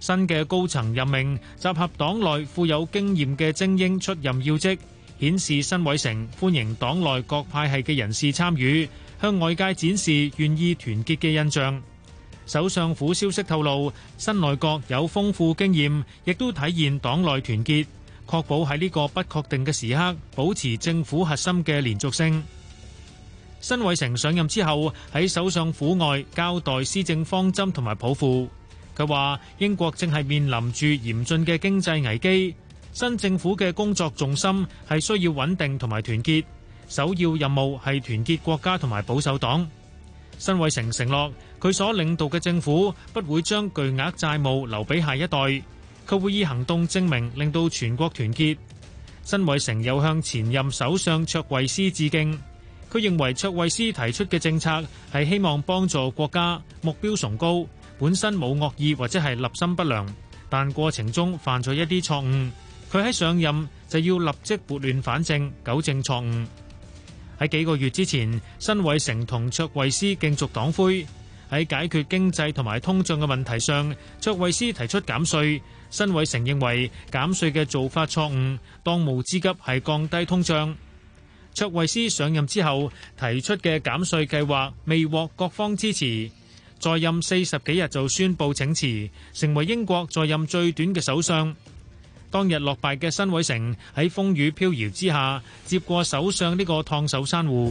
新嘅高層任命集合黨內富有經驗嘅精英出任要職，顯示辛偉誠歡迎黨內各派系嘅人士參與，向外界展示願意團結嘅印象。首相府消息透露，新內閣有豐富經驗，亦都體現黨內團結。確保喺呢個不確定嘅時刻，保持政府核心嘅連續性。辛偉誠上任之後，喺首相府外交代施政方針同埋抱負。佢話：英國正係面臨住嚴峻嘅經濟危機，新政府嘅工作重心係需要穩定同埋團結。首要任務係團結國家同埋保守黨。辛偉誠承諾，佢所領導嘅政府不會將巨額債務留俾下一代。佢會以行動證明，令到全國團結。辛偉誠又向前任首相卓慧思致敬。佢認為卓慧思提出嘅政策係希望幫助國家，目標崇高，本身冇惡意或者係立心不良，但過程中犯咗一啲錯誤。佢喺上任就要立即撥亂反正，糾正錯誤。喺幾個月之前，辛偉誠同卓慧思競逐黨魁，喺解決經濟同埋通脹嘅問題上，卓慧思提出減稅。新委成認為減稅嘅做法錯誤，當務之急係降低通脹。卓慧思上任之後提出嘅減稅計劃未獲各方支持，在任四十幾日就宣布請辭，成為英國在任最短嘅首相。當日落敗嘅新委成喺風雨飄搖之下，接過首相呢個燙手山芋。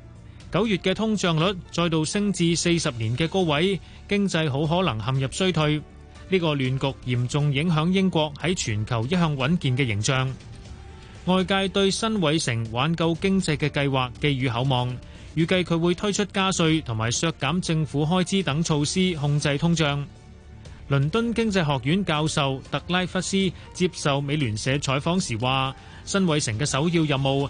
九月嘅通脹率再度升至四十年嘅高位，經濟好可能陷入衰退。呢、這個亂局嚴重影響英國喺全球一向穩健嘅形象。外界對辛偉誠挽救經濟嘅計劃寄予厚望，預計佢會推出加稅同埋削減政府開支等措施控制通脹。倫敦經濟學院教授特拉弗斯接受美聯社採訪時話：辛偉誠嘅首要任務，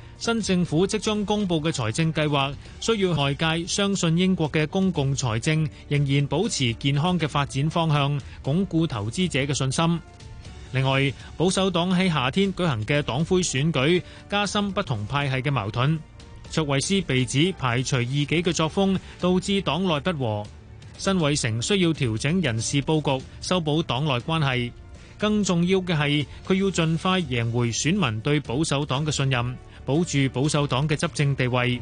新政府即將公布嘅財政計劃，需要外界相信英國嘅公共財政仍然保持健康嘅發展方向，鞏固投資者嘅信心。另外，保守黨喺夏天舉行嘅黨魁選舉加深不同派系嘅矛盾。卓慧思被指排除異己嘅作風導致黨內不和。辛偉誠需要調整人事布局，修補黨內關係，更重要嘅係佢要盡快贏回選民對保守黨嘅信任。保住保守黨嘅執政地位。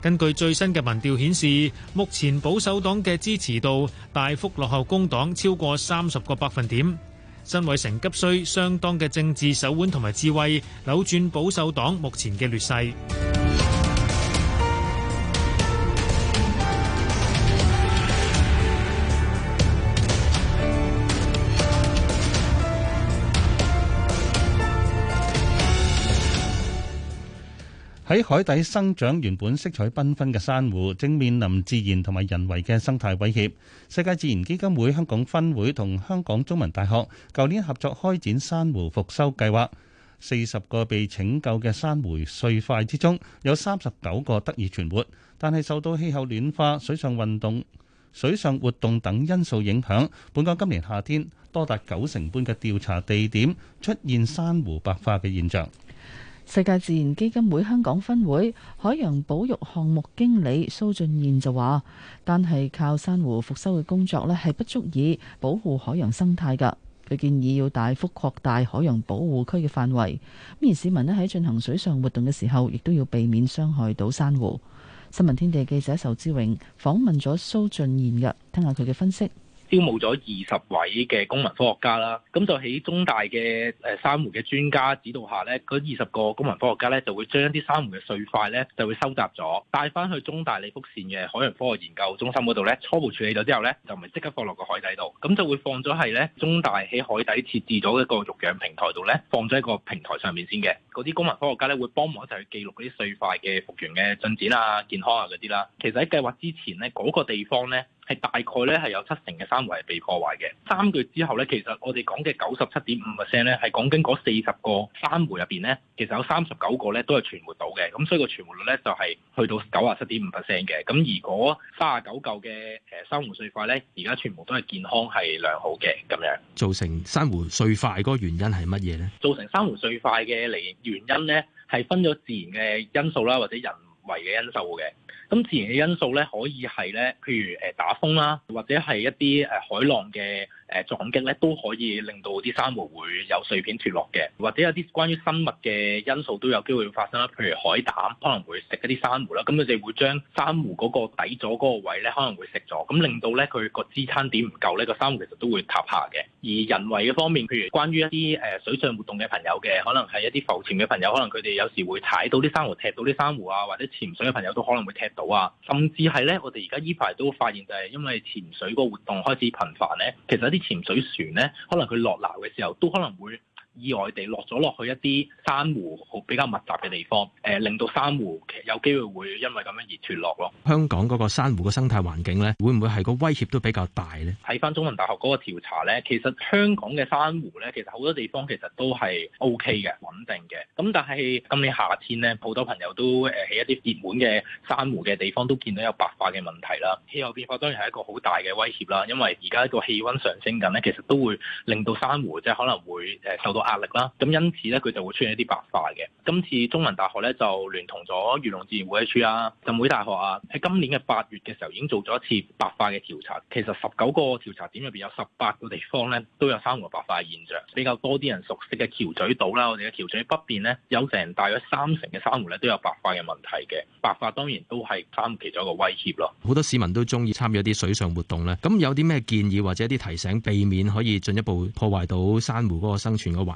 根據最新嘅民調顯示，目前保守黨嘅支持度大幅落後工黨超過三十個百分點，辛偉誠急需相當嘅政治手腕同埋智慧，扭轉保守黨目前嘅劣勢。喺海底生長原本色彩繽紛嘅珊瑚，正面臨自然同埋人為嘅生態威脅。世界自然基金會香港分會同香港中文大學舊年合作開展珊瑚復修計劃，四十個被拯救嘅珊瑚碎塊之中，有三十九個得以存活。但係受到氣候暖化、水上運動、水上活動等因素影響，本港今年夏天多達九成半嘅調查地點出現珊瑚白化嘅現象。世界自然基金會香港分會海洋保育項目經理蘇俊彥就話，單係靠珊瑚復修嘅工作咧，係不足以保護海洋生態噶，佢建議要大幅擴大海洋保護區嘅範圍，咁而市民咧喺進行水上活動嘅時候，亦都要避免傷害到珊瑚。新聞天地記者仇志榮訪問咗蘇俊彥嘅，聽下佢嘅分析。招募咗二十位嘅公民科學家啦，咁就喺中大嘅誒珊瑚嘅專家指導下咧，嗰二十個公民科學家咧就會將一啲珊瑚嘅碎塊咧就會收集咗，帶翻去中大李福善嘅海洋科學研究中心嗰度咧初步處理咗之後咧就唔係即刻放落個海底度，咁就會放咗係咧中大喺海底設置咗一個育養平台度咧放咗喺個平台上面先嘅，嗰啲公民科學家咧會幫忙一齊去記錄啲碎塊嘅復原嘅進展啊、健康啊嗰啲啦。其實喺計劃之前咧嗰、嗰個地方咧。係大概咧，係有七成嘅珊瑚係被破壞嘅。三個月之後咧，其實我哋講嘅九十七點五 percent 咧，係講緊嗰四十個珊瑚入邊咧，其實有三十九個咧都係存活到嘅。咁所以個存活率咧就係去到九啊七點五 percent 嘅。咁如果三啊九嚿嘅誒珊瑚碎塊咧，而家全部都係健康係良好嘅咁樣。造成珊瑚碎塊嗰個原因係乜嘢咧？造成珊瑚碎塊嘅嚟原因咧，係分咗自然嘅因素啦，或者人。為嘅因素嘅，咁自然嘅因素咧，可以係咧，譬如誒打風啦，或者係一啲誒海浪嘅。誒撞擊咧都可以令到啲珊瑚會有碎片脫落嘅，或者有啲關於生物嘅因素都有機會發生啦。譬如海膽可能會食一啲珊瑚啦，咁佢哋會將珊瑚嗰個底座嗰個位咧可能會食咗，咁令到咧佢個支撐點唔夠咧，個珊瑚其實都會塌下嘅。而人為嘅方面，譬如關於一啲誒水上活動嘅朋友嘅，可能係一啲浮潛嘅朋友，可能佢哋有時會踩到啲珊瑚，踢到啲珊瑚啊，或者潛水嘅朋友都可能會踢到啊。甚至係咧，我哋而家依排都發現就係因為潛水個活動開始頻繁咧，其實啲。潛水船咧，可能佢落樓嘅時候，都可能會意外地落咗落去一啲珊瑚好比較密集嘅地方，誒令到珊瑚有機會會因為咁樣而脫落咯。香港嗰個珊瑚嘅生態環境咧，會唔會係個威脅都比較大咧？睇翻中文大學嗰個調查，咧其實香港嘅珊瑚咧，其實好多地方其實都係 OK 嘅、穩定嘅。咁但係今年夏天咧，好多朋友都誒喺一啲熱門嘅珊瑚嘅地方都見到有白化嘅問題啦。氣候變化當然係一個好大嘅威脅啦，因為而家個氣溫上升緊咧，其實都會令到珊瑚即係可能會誒受到。壓力啦，咁因此咧，佢就會出現一啲白化嘅。今次中文大學咧就聯同咗漁農自然會一處啊、浸會大學啊，喺今年嘅八月嘅時候已經做咗一次白化嘅調查。其實十九個調查點入邊有十八個地方咧都有珊瑚白化嘅現象，比較多啲人熟悉嘅橋咀島啦，我哋嘅橋咀北邊咧有成大約三成嘅珊瑚咧都有白化嘅問題嘅。白化當然都係珊瑚其中一個威脅咯。好多市民都鍾意參與一啲水上活動咧，咁有啲咩建議或者一啲提醒，避免可以進一步破壞到珊瑚嗰個生存嘅環境？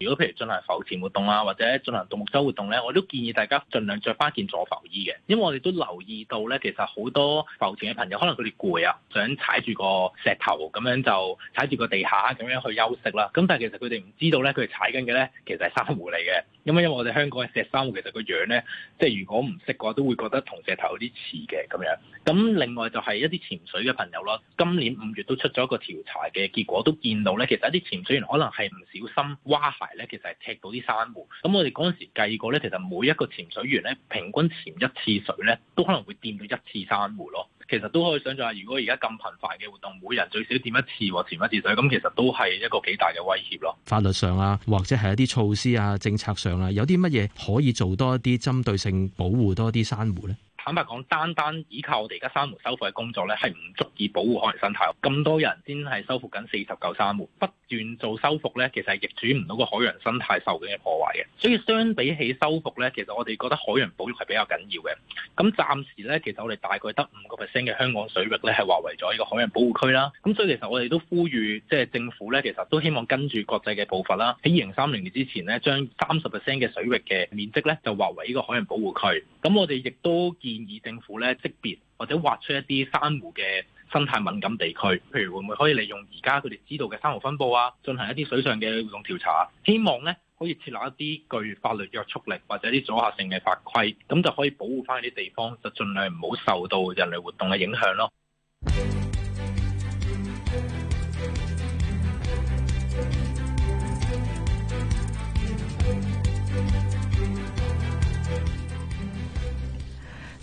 如果譬如進行浮潛活動啊，或者進行獨木舟活動咧，我都建議大家盡量着返件助浮衣嘅，因為我哋都留意到咧，其實好多浮潛嘅朋友，可能佢哋攰啊，想踩住個石頭咁樣就踩住個地下咁樣去休息啦。咁但係其實佢哋唔知道咧，佢哋踩緊嘅咧其實係珊瑚嚟嘅，因為因為我哋香港嘅石珊瑚其實個樣咧，即係如果唔識嘅話，都會覺得同石頭有啲似嘅咁樣。咁另外就係一啲潛水嘅朋友啦，今年五月都出咗一個調查嘅結果，都見到咧，其實一啲潛水員可能係唔小心。蛙鞋咧，其實係踢到啲珊瑚。咁我哋嗰陣時計過咧，其實每一個潛水員咧，平均潛一次水咧，都可能會掂到一次珊瑚咯。其實都可以想象下，如果而家咁頻繁嘅活動，每人最少掂一次，或潛一次水，咁其實都係一個幾大嘅威脅咯。法律上啊，或者係一啲措施啊、政策上啊，有啲乜嘢可以做多一啲針對性保護多啲珊瑚咧？坦白講，單單依靠我哋而家珊瑚修復嘅工作咧，係唔足以保護海洋生態。咁多人先係修復緊四十九珊瑚，不斷做修復咧，其實係逆轉唔到個海洋生態受緊嘅破壞嘅。所以相比起修復咧，其實我哋覺得海洋保育係比較緊要嘅。咁暫時咧，其實我哋大概得五個 percent 嘅香港水域咧，係劃為咗呢個海洋保護區啦。咁所以其實我哋都呼籲，即係政府咧，其實都希望跟住國際嘅步伐啦，喺二零三零年之前咧，將三十 percent 嘅水域嘅面積咧，就劃為呢個海洋保護區。咁我哋亦都建議政府咧，識別或者挖出一啲珊瑚嘅生態敏感地區，譬如會唔會可以利用而家佢哋知道嘅珊瑚分布啊，進行一啲水上嘅活動調查，希望咧可以設立一啲具法律約束力或者啲阻嚇性嘅法規，咁就可以保護翻啲地方，就盡量唔好受到人類活動嘅影響咯。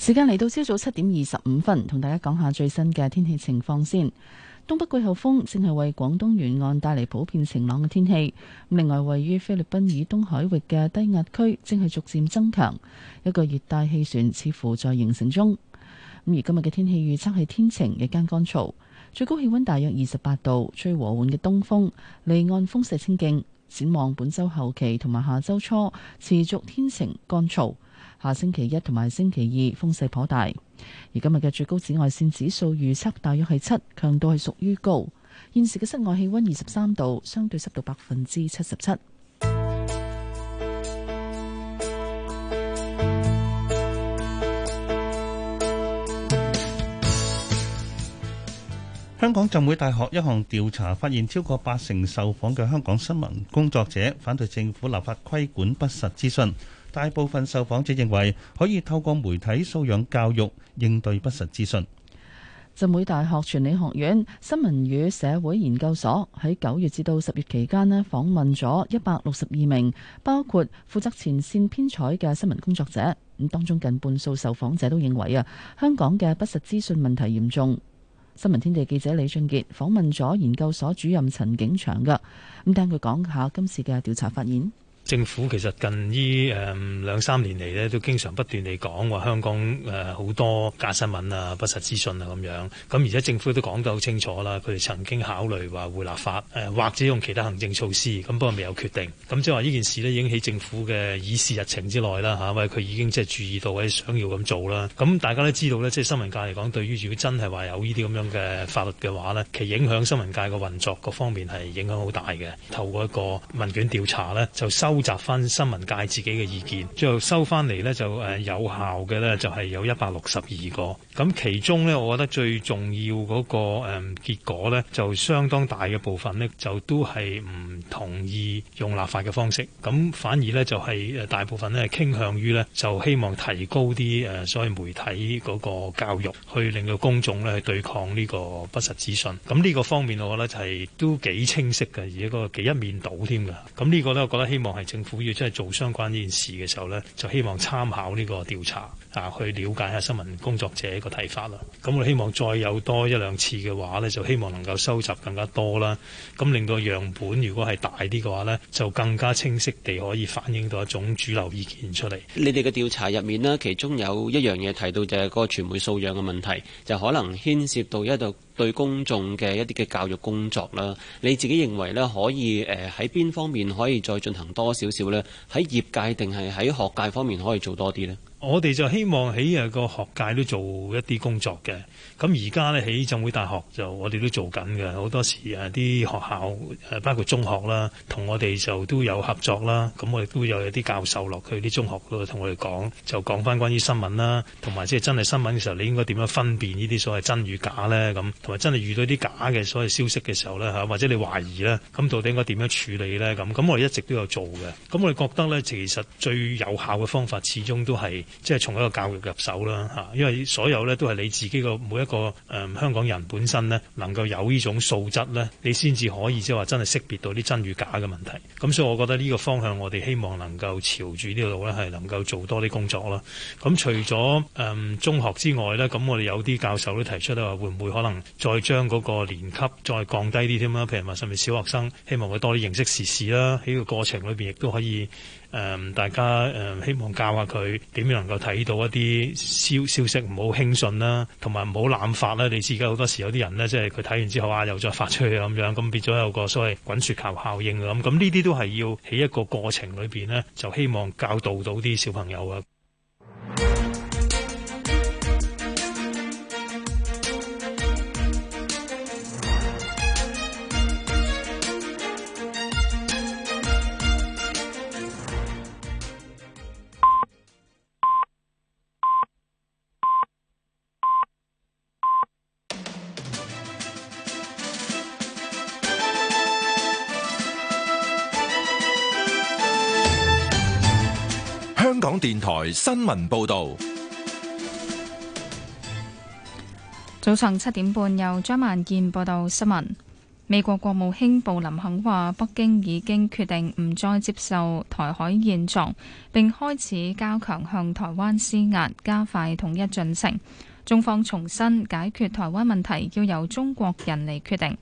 時間嚟到朝早七點二十五分，同大家講下最新嘅天氣情況先。東北季候風正係為廣東沿岸帶嚟普遍晴朗嘅天氣。另外，位於菲律賓以東海域嘅低壓區正係逐漸增強，一個熱帶氣旋似乎在形成中。咁而今日嘅天氣預測係天晴，日間乾燥，最高氣溫大約二十八度，吹和緩嘅東風，離岸風勢清勁。展望本周後期同埋下周初，持續天晴乾燥。下星期一同埋星期二風勢頗大，而今日嘅最高紫外線指數預測大約係七，強度係屬於高。現時嘅室外氣溫二十三度，相對濕度百分之七十七。香港浸會大學一項調查發現，超過八成受訪嘅香港新聞工作者反對政府立法規管不實資訊。大部分受訪者認為可以透過媒體素養教育應對不實資訊。浸會大學傳理學院新聞與社會研究所喺九月至到十月期間呢訪問咗一百六十二名，包括負責前線編採嘅新聞工作者。咁當中近半數受訪者都認為啊，香港嘅不實資訊問題嚴重。新聞天地記者李俊杰訪問咗研究所主任陳景祥噶，咁聽佢講下今次嘅調查發現。政府其實近呢誒兩三年嚟呢，都經常不斷地講話香港誒好、呃、多假新聞啊、不實資訊啊咁樣。咁而且政府都講夠清楚啦，佢哋曾經考慮話會立法誒、呃，或者用其他行政措施。咁不過未有決定。咁即係話呢件事呢，已經喺政府嘅議事日程之內啦嚇，因、啊、佢已經即係注意到，或者想要咁做啦。咁、啊、大家都知道呢，即係新聞界嚟講，對於如果真係話有呢啲咁樣嘅法律嘅話呢，其影響新聞界嘅運作各方面係影響好大嘅。透過一個問卷調查呢，就收。收集翻新聞界自己嘅意見，最後收翻嚟呢就誒有效嘅呢，就係有一百六十二個，咁其中呢，我覺得最重要嗰個誒結果呢，就相當大嘅部分呢，就都係唔同意用立法嘅方式，咁反而呢，就係誒大部分呢傾向於呢，就希望提高啲誒所謂媒體嗰個教育，去令到公眾呢去對抗呢個不實資訊，咁呢個方面我覺得就係都幾清晰嘅，而且個幾一面倒添㗎，咁呢個呢，我覺得希望係。政府要真係做相關呢件事嘅時候呢，就希望參考呢個調查。去了解下新聞工作者個睇法啦。咁我希望再有多一兩次嘅話呢，就希望能夠收集更加多啦。咁令到樣本如果係大啲嘅話呢，就更加清晰地可以反映到一種主流意見出嚟。你哋嘅調查入面呢，其中有一樣嘢提到就係個傳媒素養嘅問題，就可能牽涉到一度對公眾嘅一啲嘅教育工作啦。你自己認為呢，可以誒喺邊方面可以再進行多少少呢？喺業界定係喺學界方面可以做多啲呢？我哋就希望喺誒個學界都做一啲工作嘅。咁而家呢，喺浸會大學就我哋都做緊嘅，好多時誒啲學校誒包括中學啦，同我哋就都有合作啦。咁我哋都有啲教授落去啲中學度同我哋講，就講返關於新聞啦，同埋即係真係新聞嘅時候，你應該點樣分辨呢啲所謂真與假呢？咁同埋真係遇到啲假嘅所謂消息嘅時候呢，嚇，或者你懷疑呢，咁到底應該點樣處理呢？咁咁我哋一直都有做嘅。咁我哋覺得呢，其實最有效嘅方法始終都係即係從一個教育入手啦嚇，因為所有呢，都係你自己個每一。個誒、嗯，香港人本身呢，能夠有呢種素質呢，你先至可以即係話真係識別到啲真與假嘅問題。咁所以我覺得呢個方向，我哋希望能夠朝住呢度呢，係能夠做多啲工作啦。咁除咗誒、嗯、中學之外呢，咁我哋有啲教授都提出咧，話會唔會可能再將嗰個年級再降低啲添啦？譬如話甚至小學生，希望佢多啲認識時事啦、啊，喺個過程裏邊亦都可以。誒、呃，大家誒、呃，希望教下佢點樣能夠睇到一啲消消息，唔好 輕信啦，同埋唔好濫發啦。你而家好多時有啲人呢，即係佢睇完之後啊，又再發出去咁樣，咁變咗有個所謂滾雪球效應啊。咁咁呢啲都係要喺一個過程裏邊呢，就希望教導到啲小朋友啊。新聞報道。早上七點半，由張萬健報道新聞。美國國務卿布林肯話，北京已經決定唔再接受台海現狀，並開始加強向台灣施壓，加快統一進程。中方重申，解決台灣問題要由中國人嚟決定。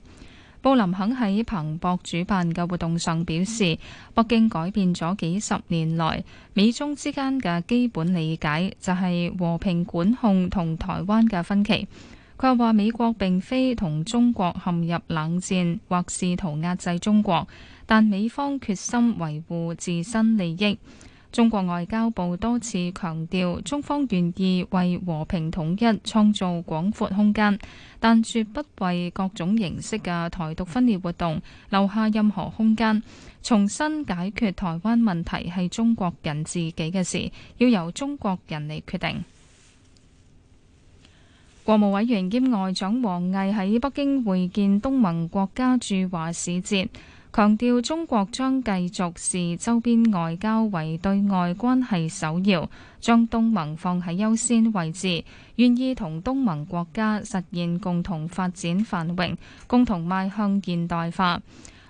布林肯喺彭博主辦嘅活動上表示，北京改變咗幾十年來美中之間嘅基本理解，就係和平管控同台灣嘅分歧。佢又話，美國並非同中國陷入冷戰或試圖壓制中國，但美方決心維護自身利益。中國外交部多次強調，中方願意為和平統一創造廣闊空間，但絕不為各種形式嘅台獨分裂活動留下任何空間。重新解決台灣問題係中國人自己嘅事，要由中國人嚟決定。國務委員兼外長王毅喺北京會見東盟國家駐華使節。強調中國將繼續視周邊外交為對外關係首要，將東盟放喺優先位置，願意同東盟國家實現共同發展繁榮，共同邁向現代化。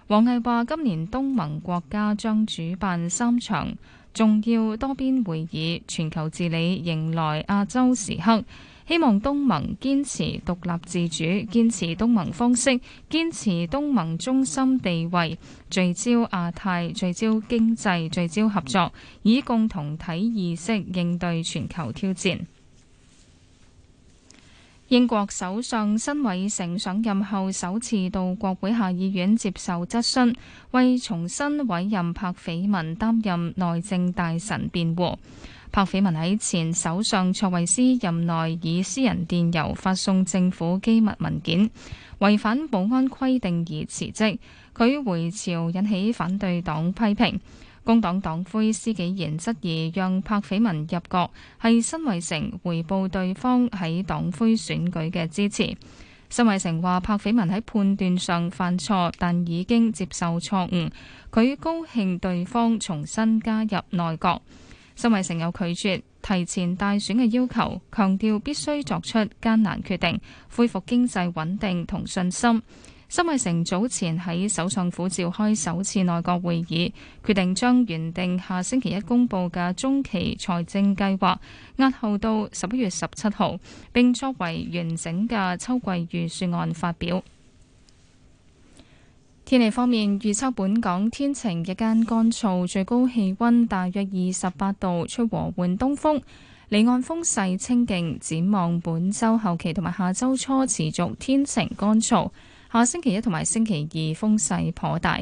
王毅話：今年東盟國家將主辦三場重要多邊會議，全球治理迎來亞洲時刻。希望東盟堅持獨立自主，堅持東盟方式，堅持東盟中心地位，聚焦亞太，聚焦經濟，聚焦合作，以共同體意識應對全球挑戰。英國首相辛偉誠上任後首次到國會下議院接受質詢，為重新委任柏斐文擔任內政大臣辯護。柏斐文喺前首相卓慧思任內以私人電郵發送政府機密文件，違反保安規定而辭職。佢回朝引起反對黨批評，工黨黨魁施紀賢質疑讓柏斐文入閣係辛偉誠回報對方喺黨魁選舉嘅支持。辛偉誠話柏斐文喺判斷上犯錯，但已經接受錯誤。佢高興對方重新加入內閣。辛偉誠有拒絕提前大選嘅要求，強調必須作出艱難決定，恢復經濟穩定同信心。辛偉誠早前喺首相府召開首次內閣會議，決定將原定下星期一公布嘅中期財政計劃押後到十一月十七號，並作為完整嘅秋季預算案發表。天氣方面預測，本港天晴，日間乾燥，最高氣溫大約二十八度，吹和緩東風，離岸風勢清勁。展望本周後期同埋下周初持續天晴乾燥，下星期一同埋星期二風勢頗大。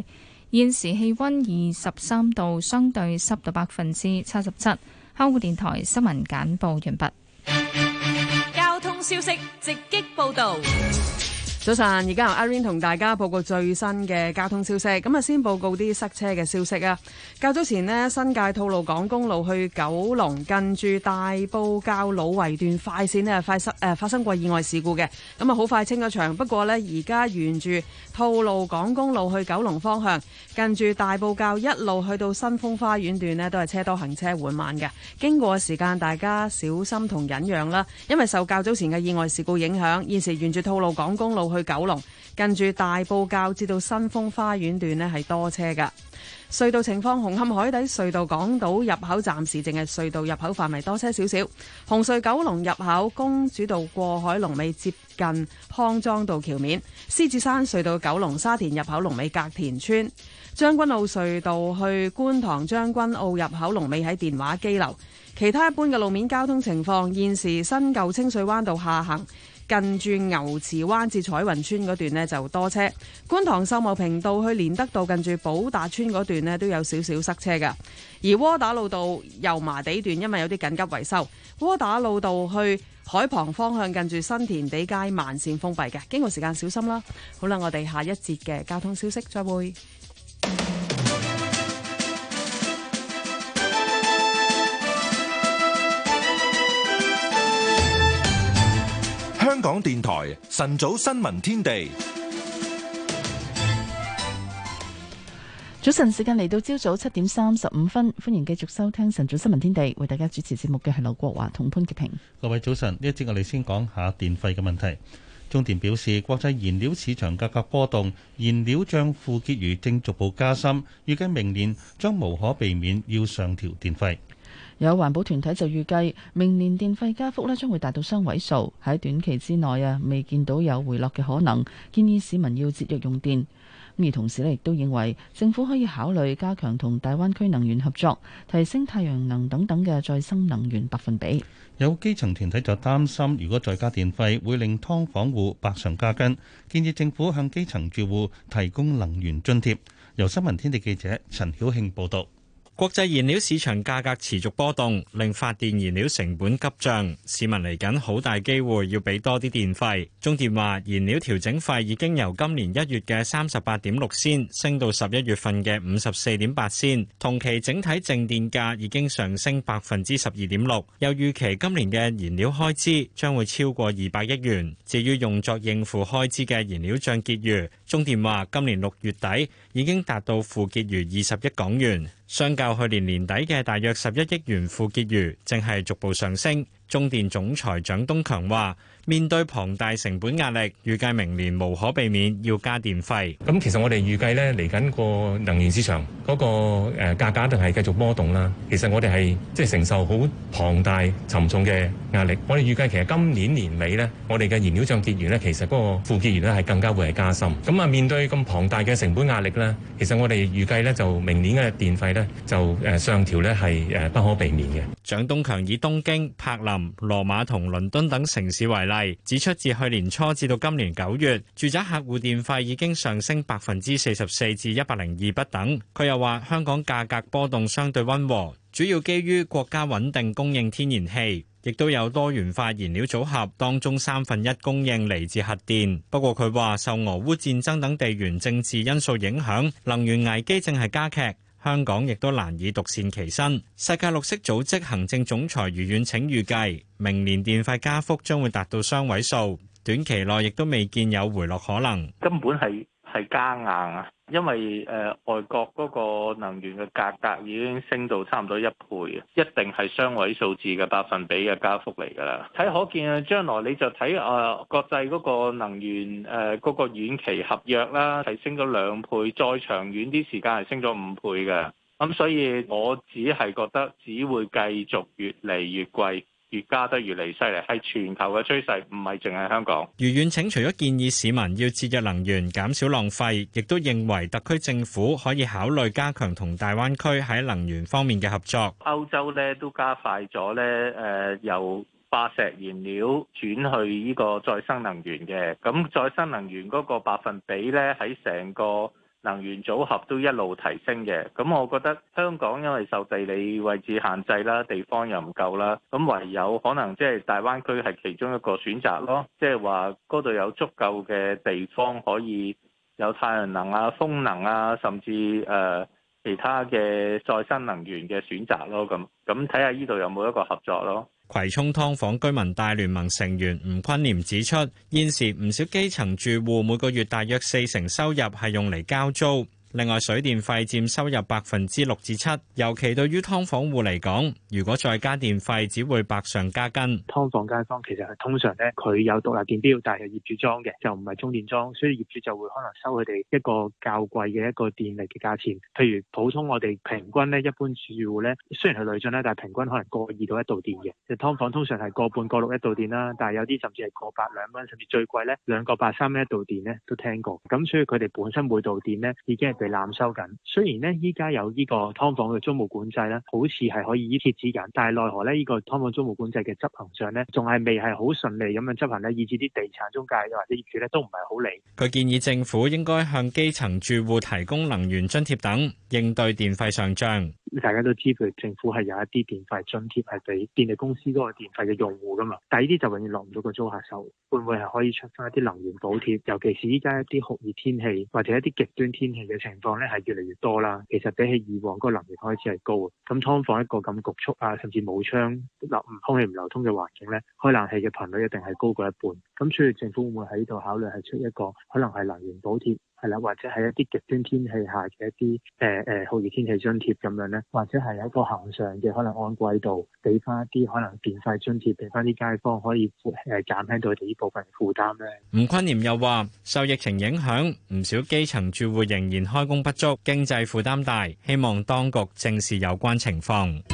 現時氣溫二十三度，相對濕度百分之七十七。香港電台新聞簡報完畢。交通消息直擊報道。早晨，而家由阿 r i n e 同大家報告最新嘅交通消息。咁啊，先報告啲塞車嘅消息啊。較早前咧，新界吐露港公路去九龍近住大埔滘老圍段快線咧，快塞誒、呃、發生過意外事故嘅。咁啊，好快清咗場，不過咧，而家沿住吐露港公路去九龍方向，近住大埔滘一路去到新豐花園段咧，都係車多行車緩慢嘅。經過時間，大家小心同忍讓啦。因為受較早前嘅意外事故影響，現時沿住吐露港公路。去九龍，跟住大埔滘至到新豐花園段呢係多車噶。隧道情況：紅磡海底隧道港島入口暫時淨係隧道入口範圍多車少少。紅隧九龍入口公主道過海龍尾接近康莊道橋面。獅子山隧道九龍沙田入口龍尾隔田村。將軍澳隧道去觀塘將軍澳入口龍尾喺電話機樓。其他一般嘅路面交通情況，現時新舊清水灣道下行，近住牛池灣至彩雲村嗰段呢，就多車，觀塘秀茂坪道去連德道近住寶達村嗰段呢，都有少少塞車㗎，而窩打老道油麻地段因為有啲緊急維修，窩打老道去海旁方向近住新填地街慢線封閉嘅，經過時間小心啦。好啦，我哋下一節嘅交通消息再會。港電台晨早新聞天地，早晨時間嚟到朝早七點三十五分，歡迎繼續收聽晨早新聞天地，為大家主持節目嘅係劉國華同潘潔平。各位早晨，呢一節我哋先講下電費嘅問題。中電表示，國際燃料市場價格波動，燃料賬負結餘正逐步加深，預計明年將無可避免要上調電費。有環保團體就預計明年電費加幅呢將會達到雙位數，喺短期之內啊未見到有回落嘅可能，建議市民要節約用電。而同時呢亦都認為政府可以考慮加強同大灣區能源合作，提升太陽能等等嘅再生能源百分比。有基層團體就擔心，如果再加電費，會令劏房戶百上加斤，建議政府向基層住戶提供能源津貼。由新聞天地記者陳曉慶報道。國際燃料市場價格持續波動，令發電燃料成本急漲，市民嚟緊好大機會要俾多啲電費。中電話燃料調整費已經由今年一月嘅三十八點六仙升到十一月份嘅五十四點八仙，同期整體淨電價已經上升百分之十二點六。又預期今年嘅燃料開支將會超過二百億元。至於用作應付開支嘅燃料賬結餘，中電話今年六月底。已經達到負結餘二十億港元，相較去年年底嘅大約十一億元負結餘，正係逐步上升。中電總裁蔣東強話，面對龐大成本壓力，預計明年無可避免要加電費。咁其實我哋預計呢，嚟緊個能源市場嗰個誒價格一定係繼續波動啦。其實我哋係即係承受好龐大沉重嘅壓力。我哋預計其實今年年尾呢，我哋嘅燃料賬結餘呢，其實嗰個負結餘呢係更加會係加深。咁啊，面對咁龐大嘅成本壓力咧，其實我哋預計呢，就明年嘅電費呢，就誒上調呢係誒不可避免嘅。蔣東強以東京、柏林、羅馬同倫敦等城市為例。指出，自去年初至到今年九月，住宅客戶電費已經上升百分之四十四至一百零二不等。佢又話香港價格波動相對溫和，主要基於國家穩定供應天然氣，亦都有多元化燃料組合，當中三分一供應嚟自核電。不過，佢話受俄烏戰爭等地緣政治因素影響，能源危機正係加劇。香港亦都難以獨善其身。世界綠色組織行政總裁余遠騁預計，明年電費加幅將會達到雙位數，短期內亦都未見有回落可能。根本係係加硬啊！因為誒、呃、外國嗰個能源嘅價格，格已經升到差唔多一倍，一定係雙位數字嘅百分比嘅加幅嚟噶啦。睇可見啊，將來你就睇誒、呃、國際嗰個能源誒嗰、呃那個遠期合約啦，係升咗兩倍，再長遠啲時間係升咗五倍嘅。咁所以我只係覺得只會繼續越嚟越貴。加越加得越嚟犀利，係全球嘅趨勢，唔係淨係香港。余遠請除咗建議市民要節約能源、減少浪費，亦都認為特區政府可以考慮加強同大灣區喺能源方面嘅合作。歐洲咧都加快咗咧，誒、呃、由化石燃料轉去呢個再生能源嘅，咁再生能源嗰個百分比咧喺成個。能源組合都一路提升嘅，咁我覺得香港因為受地理位置限制啦，地方又唔夠啦，咁唯有可能即係大灣區係其中一個選擇咯，即係話嗰度有足夠嘅地方可以有太陽能啊、風能啊，甚至誒、呃、其他嘅再生能源嘅選擇咯，咁咁睇下呢度有冇一個合作咯。葵涌劏房居民大聯盟成員吳坤廉指出，現時唔少基層住戶每個月大約四成收入係用嚟交租。另外，水電費佔收入百分之六至七，尤其對於劏房戶嚟講，如果再加電費，只會百上加斤。劏房街坊其實係通常咧，佢有獨立電表，但係有業主裝嘅，就唔係中電裝，所以業主就會可能收佢哋一個較貴嘅一個電力嘅價錢。譬如普通我哋平均咧，一般住戶咧，雖然係累進啦，但係平均可能過二度一度電嘅。劏房通常係過半過六度一度電啦，但係有啲甚至係過百兩蚊，甚至最貴咧兩個百三蚊一度電咧都聽過。咁所以佢哋本身每度電咧已經係。被攬收緊，雖然呢，依家有呢個劏房嘅租務管制咧，好似係可以依鐵止緊，但係奈何咧，呢個劏房租務管制嘅執行上咧，仲係未係好順利咁樣執行呢，以至啲地產中介或者業主咧都唔係好理。佢建議政府應該向基層住戶提供能源津貼等，應對電費上漲。大家都知佢政府係有一啲電費津貼係俾電力公司嗰個電費嘅用戶噶嘛，但係呢啲就永遠落唔到個租客手。會唔會係可以出翻一啲能源補貼？尤其是依家一啲酷熱天氣或者一啲極端天氣嘅情情況咧係越嚟越多啦，其實比起以往嗰個能源開始係高嘅，咁劏房一個咁局促啊，甚至冇窗流空氣唔流通嘅環境咧，開冷氣嘅頻率一定係高過一半。咁所以政府會唔會喺呢度考慮，係出一個可能係能源補貼，係啦，或者係一啲極端天氣下嘅一啲誒誒酷熱天氣津貼咁樣咧，或者係一個行上恆常嘅可能按季度俾翻一啲可能電費津貼俾翻啲街坊可以誒減輕到佢哋呢部分負擔咧。吳坤廉又話，受疫情影響，唔少基層住戶仍然開工不足，經濟負擔大，希望當局正視有關情況。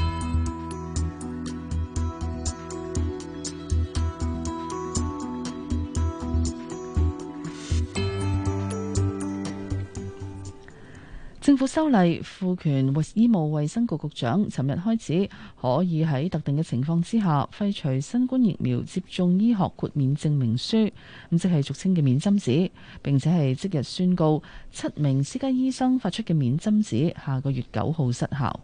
副修例，賦權或醫務衛生局局長，尋日開始可以喺特定嘅情況之下廢除新冠疫苗接種醫學豁免證明書，咁即係俗稱嘅免針紙。並且係即日宣告七名私家醫生發出嘅免針紙下個月九號失效。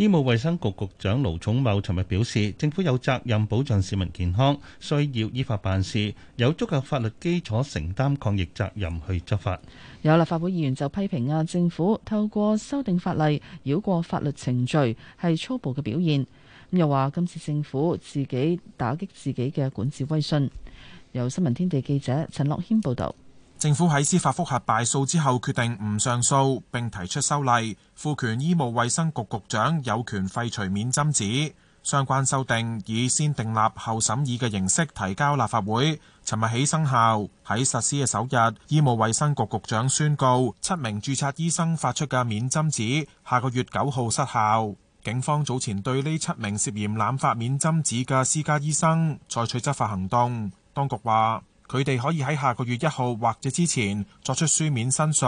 醫務衛生局局長盧寵茂尋日表示，政府有責任保障市民健康，需要依法辦事，有足夠法律基礎承擔抗疫責任去執法。有立法會議員就批評啊，政府透過修訂法例繞過法律程序，係粗暴嘅表現。咁又話今次政府自己打擊自己嘅管治威信。由新聞天地記者陳樂謙報道。政府喺司法覆核敗訴之後，決定唔上訴並提出修例，賦權醫務衛生局局長有權廢除免針紙。相關修訂以先訂立後審議嘅形式提交立法會，尋日起生效。喺實施嘅首日，醫務衛生局局長宣告七名註冊醫生發出嘅免針紙下個月九號失效。警方早前對呢七名涉嫌濫發免針紙嘅私家醫生採取執法行動，當局話，佢哋可以喺下個月一號或者之前作出書面申述，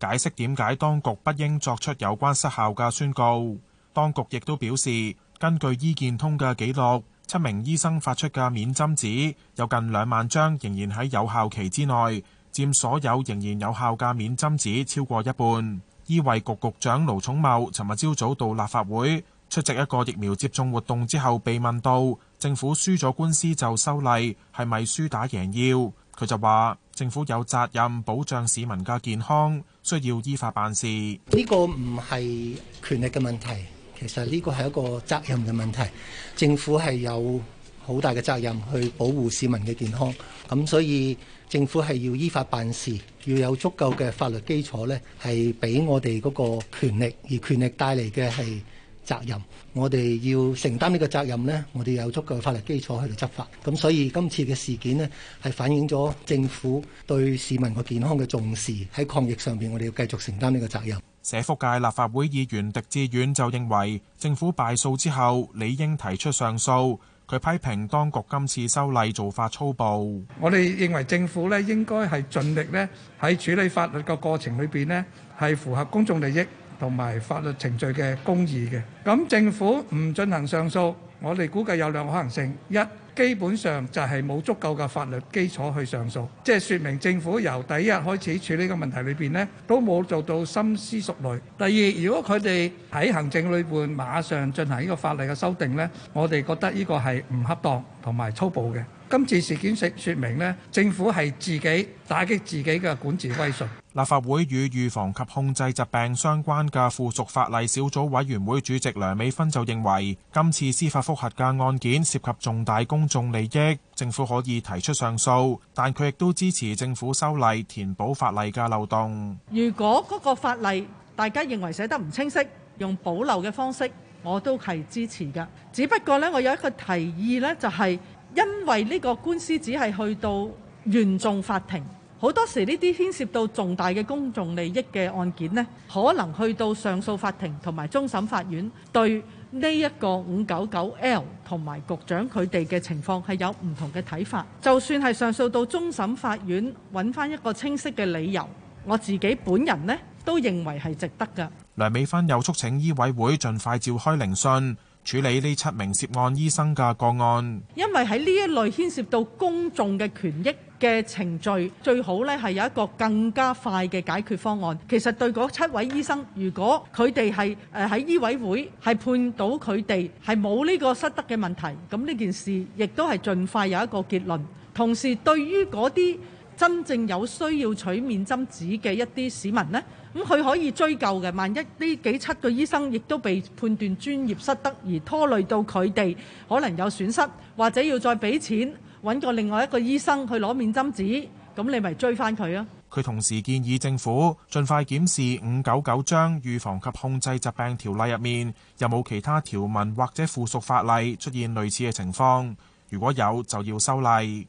解釋點解當局不應作出有關失效嘅宣告。當局亦都表示，根據醫健通嘅記錄，七名醫生發出嘅免針紙有近兩萬張，仍然喺有效期之內，佔所有仍然有效嘅免針紙超過一半。醫衞局局長盧寵茂尋日朝早到立法會出席一個疫苗接種活動之後，被問到。政府輸咗官司就修例，係咪輸打贏要？佢就話政府有責任保障市民嘅健康，需要依法辦事。呢個唔係權力嘅問題，其實，呢個，係一個責任嘅問題，政府係有好大嘅責任去保護市民嘅健康，咁所以政府係要依法辦事，要有足夠嘅法律基礎咧，係俾我哋嗰個權力，而權力帶嚟嘅係責任，我哋要承擔呢個責任呢，我哋有足夠法律基礎去到執法。咁所以今次嘅事件呢，係反映咗政府對市民嘅健康嘅重視，喺抗疫上邊，我哋要繼續承擔呢個責任。社福界立法會議員狄志遠就認為，政府敗訴之後理應提出上訴。佢批評當局今次修例做法粗暴。我哋認為政府呢應該係盡力呢喺處理法律嘅過程裏邊呢係符合公眾利益。同埋法律程序嘅公義嘅，咁政府唔進行上訴，我哋估計有兩個可能性：一，基本上就係冇足夠嘅法律基礎去上訴，即係説明政府由第一日開始處理嘅問題裏邊咧，都冇做到深思熟慮；第二，如果佢哋喺行政裏邊馬上進行呢個法例嘅修訂呢，我哋覺得呢個係唔恰當同埋粗暴嘅。今次事件説明呢，政府係自己打擊自己嘅管治威信。立法會與預防及控制疾病相關嘅附屬法例小組委員會主席梁美芬就認為，今次司法覆核嘅案件涉及重大公眾利益，政府可以提出上訴，但佢亦都支持政府修例填補法例嘅漏洞。如果嗰個法例大家認為寫得唔清晰，用保留嘅方式我都係支持㗎。只不過呢，我有一個提議呢，就係。因為呢個官司只係去到原訟法庭，好多時呢啲牽涉到重大嘅公眾利益嘅案件呢，可能去到上訴法庭同埋終審法院，對呢一個五九九 L 同埋局長佢哋嘅情況係有唔同嘅睇法。就算係上訴到終審法院揾翻一個清晰嘅理由，我自己本人呢都認為係值得㗎。梁美芬又促請醫委會盡快召開聆訊。處理呢七名涉案醫生嘅個案，因為喺呢一類牽涉到公眾嘅權益嘅程序，最好呢係有一個更加快嘅解決方案。其實對嗰七位醫生，如果佢哋係誒喺醫委會係判到佢哋係冇呢個失德嘅問題，咁呢件事亦都係盡快有一個結論。同時，對於嗰啲真正有需要取免針紙嘅一啲市民呢。咁佢可以追究嘅，萬一呢幾七個醫生亦都被判斷專業失德而拖累到佢哋，可能有損失或者要再俾錢揾個另外一個醫生去攞免針紙，咁你咪追翻佢啊，佢同時建議政府盡快檢視《五九九章預防及控制疾病條例》入面有冇其他條文或者附屬法例出現類似嘅情況，如果有就要修例。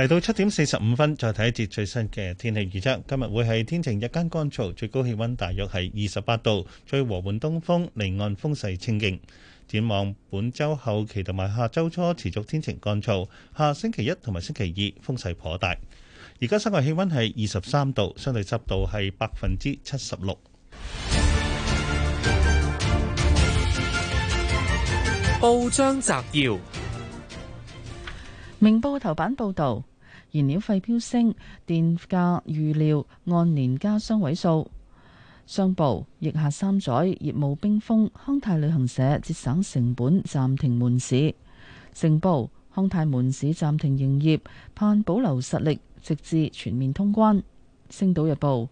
嚟到七點四十五分，再睇一節最新嘅天氣預測。今日會係天晴日間乾燥，最高氣溫大約係二十八度，吹和緩東風，離岸風勢清勁。展望本周後期同埋下周初持續天晴乾燥，下星期一同埋星期二風勢頗大。而家室外氣溫係二十三度，相對濕度係百分之七十六。報章摘要，明報嘅頭版報道。燃料費飆升，電價預料按年加雙位數。商報疫下三載，業務冰封。康泰旅行社節省成本，暫停門市。城報康泰門市暫停營業，盼保留實力，直至全面通關。星島日報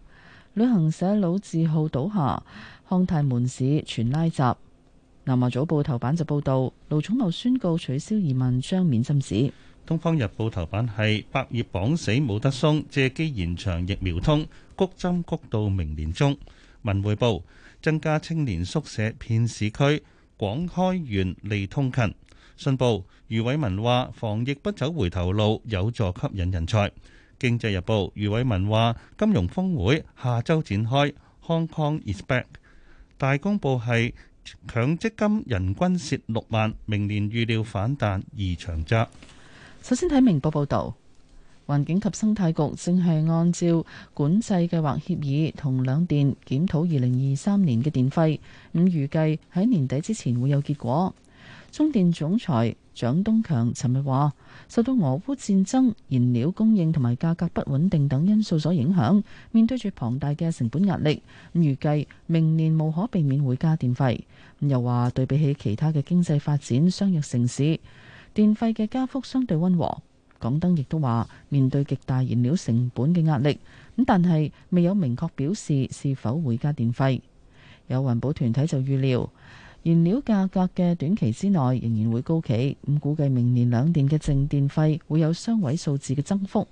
旅行社老字號倒下，康泰門市全拉閘。南華早報頭版就報導，盧寵茂宣告取消移民將免針紙。《東方日報》頭版係百葉綁死冇得鬆，借機延長疫苗通；《谷針谷到明年中》。《文匯報》增加青年宿舍，遍市區；《廣開源利通勤》。《信報》余偉文話：防疫不走回頭路，有助吸引人才。《經濟日報》余偉文話：金融峯會下週展開。《Hong Kong is back》。《大公報》係強積金人均蝕六萬，明年預料反彈而長窄。首先睇明報報道，環境及生態局正係按照管制計劃協議同兩電檢討二零二三年嘅電費，咁預計喺年底之前會有結果。中電總裁蔣東強尋日話，受到俄烏戰爭、燃料供應同埋價格不穩定等因素所影響，面對住龐大嘅成本壓力，咁預計明年無可避免會加電費。又話對比起其他嘅經濟發展相若城市。電費嘅加幅相對溫和，港燈亦都話面對極大燃料成本嘅壓力，咁但係未有明確表示是否會加電費。有環保團體就預料燃料價格嘅短期之內仍然會高企，咁估計明年兩電嘅淨電費會有雙位數字嘅增幅，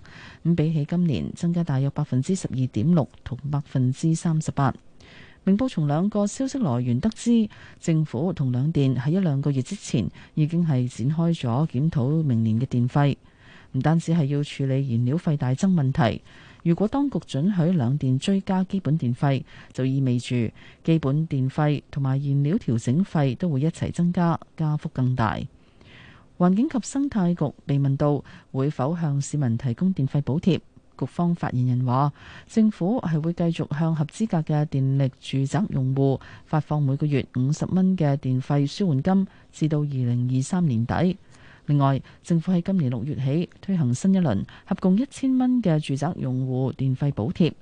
咁比起今年增加大約百分之十二點六同百分之三十八。明報從兩個消息來源得知，政府同兩電喺一兩個月之前已經係展開咗檢討明年嘅電費，唔單止係要處理燃料費大增問題。如果當局准許兩電追加基本電費，就意味住基本電費同埋燃料調整費都會一齊增加，加幅更大。環境及生態局被問到會否向市民提供電費補貼。局方發言人話，政府係會繼續向合資格嘅電力住宅用戶發放每個月五十蚊嘅電費舒緩金，至到二零二三年底。另外，政府喺今年六月起推行新一輪合共一千蚊嘅住宅用戶電費補貼，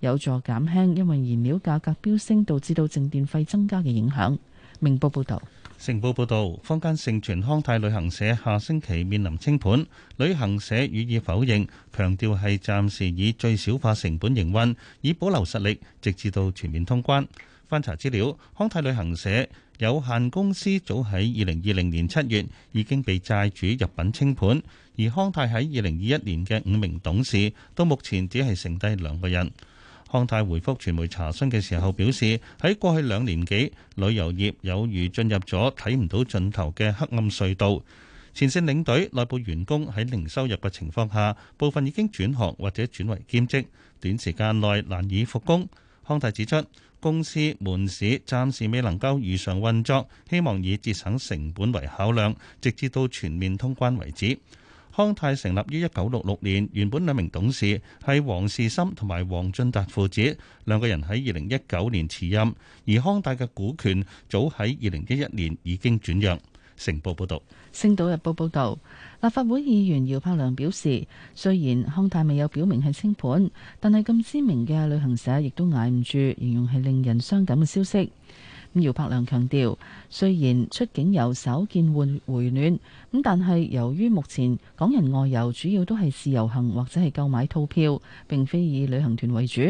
有助減輕因為燃料價格飆升導致到淨電費增加嘅影響。明報報道。成報報導，坊間盛傳康泰旅行社下星期面臨清盤，旅行社予以否認，強調係暫時以最小化成本營運，以保留實力，直至到全面通關。翻查資料，康泰旅行社有限公司早喺二零二零年七月已經被債主入稟清盤，而康泰喺二零二一年嘅五名董事到目前只係剩低兩個人。康泰回覆傳媒查詢嘅時候表示，喺過去兩年幾，旅遊業有如進入咗睇唔到盡頭嘅黑暗隧道。前線領隊、內部員工喺零收入嘅情況下，部分已經轉行或者轉為兼職，短時間內難以復工。康泰指出，公司門市暫時未能夠如常運作，希望以節省成本為考量，直至到全面通關為止。康泰成立於一九六六年，原本兩名董事係黃士森同埋黃俊達父子兩個人喺二零一九年辭任，而康泰嘅股權早喺二零一一年已經轉讓。成報報導，《星島日報》報道，立法會議員姚柏良表示，雖然康泰未有表明係清盤，但係咁知名嘅旅行社亦都挨唔住，形容係令人傷感嘅消息。姚柏良強調，雖然出境遊稍見緩回暖，咁但係由於目前港人外遊主要都係自由行或者係購買套票，並非以旅行團為主。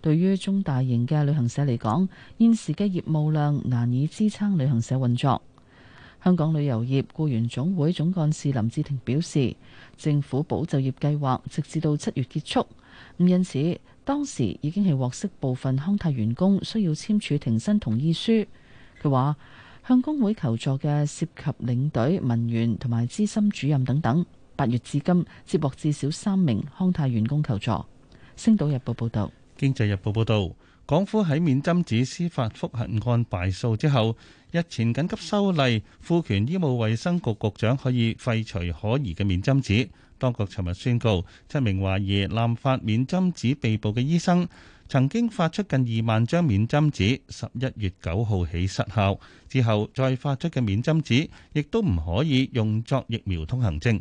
對於中大型嘅旅行社嚟講，現時嘅業務量難以支撐旅行社運作。香港旅遊業雇員總會總幹事林志廷表示，政府保就業計劃直至到七月結束，咁因此。當時已經係獲悉部分康泰員工需要簽署停薪同意書。佢話向工會求助嘅涉及領隊、文員同埋資深主任等等。八月至今接獲至少三名康泰員工求助。星島日報報道，《經濟日報》報道，港府喺免針紙司法覆核案敗訴之後，日前緊急修例，賦權醫務衛生局局長可以廢除可疑嘅免針紙。當局尋日宣告，七名懷疑濫發免針紙被捕嘅醫生，曾經發出近二萬張免針紙，十一月九號起失效。之後再發出嘅免針紙，亦都唔可以用作疫苗通行證。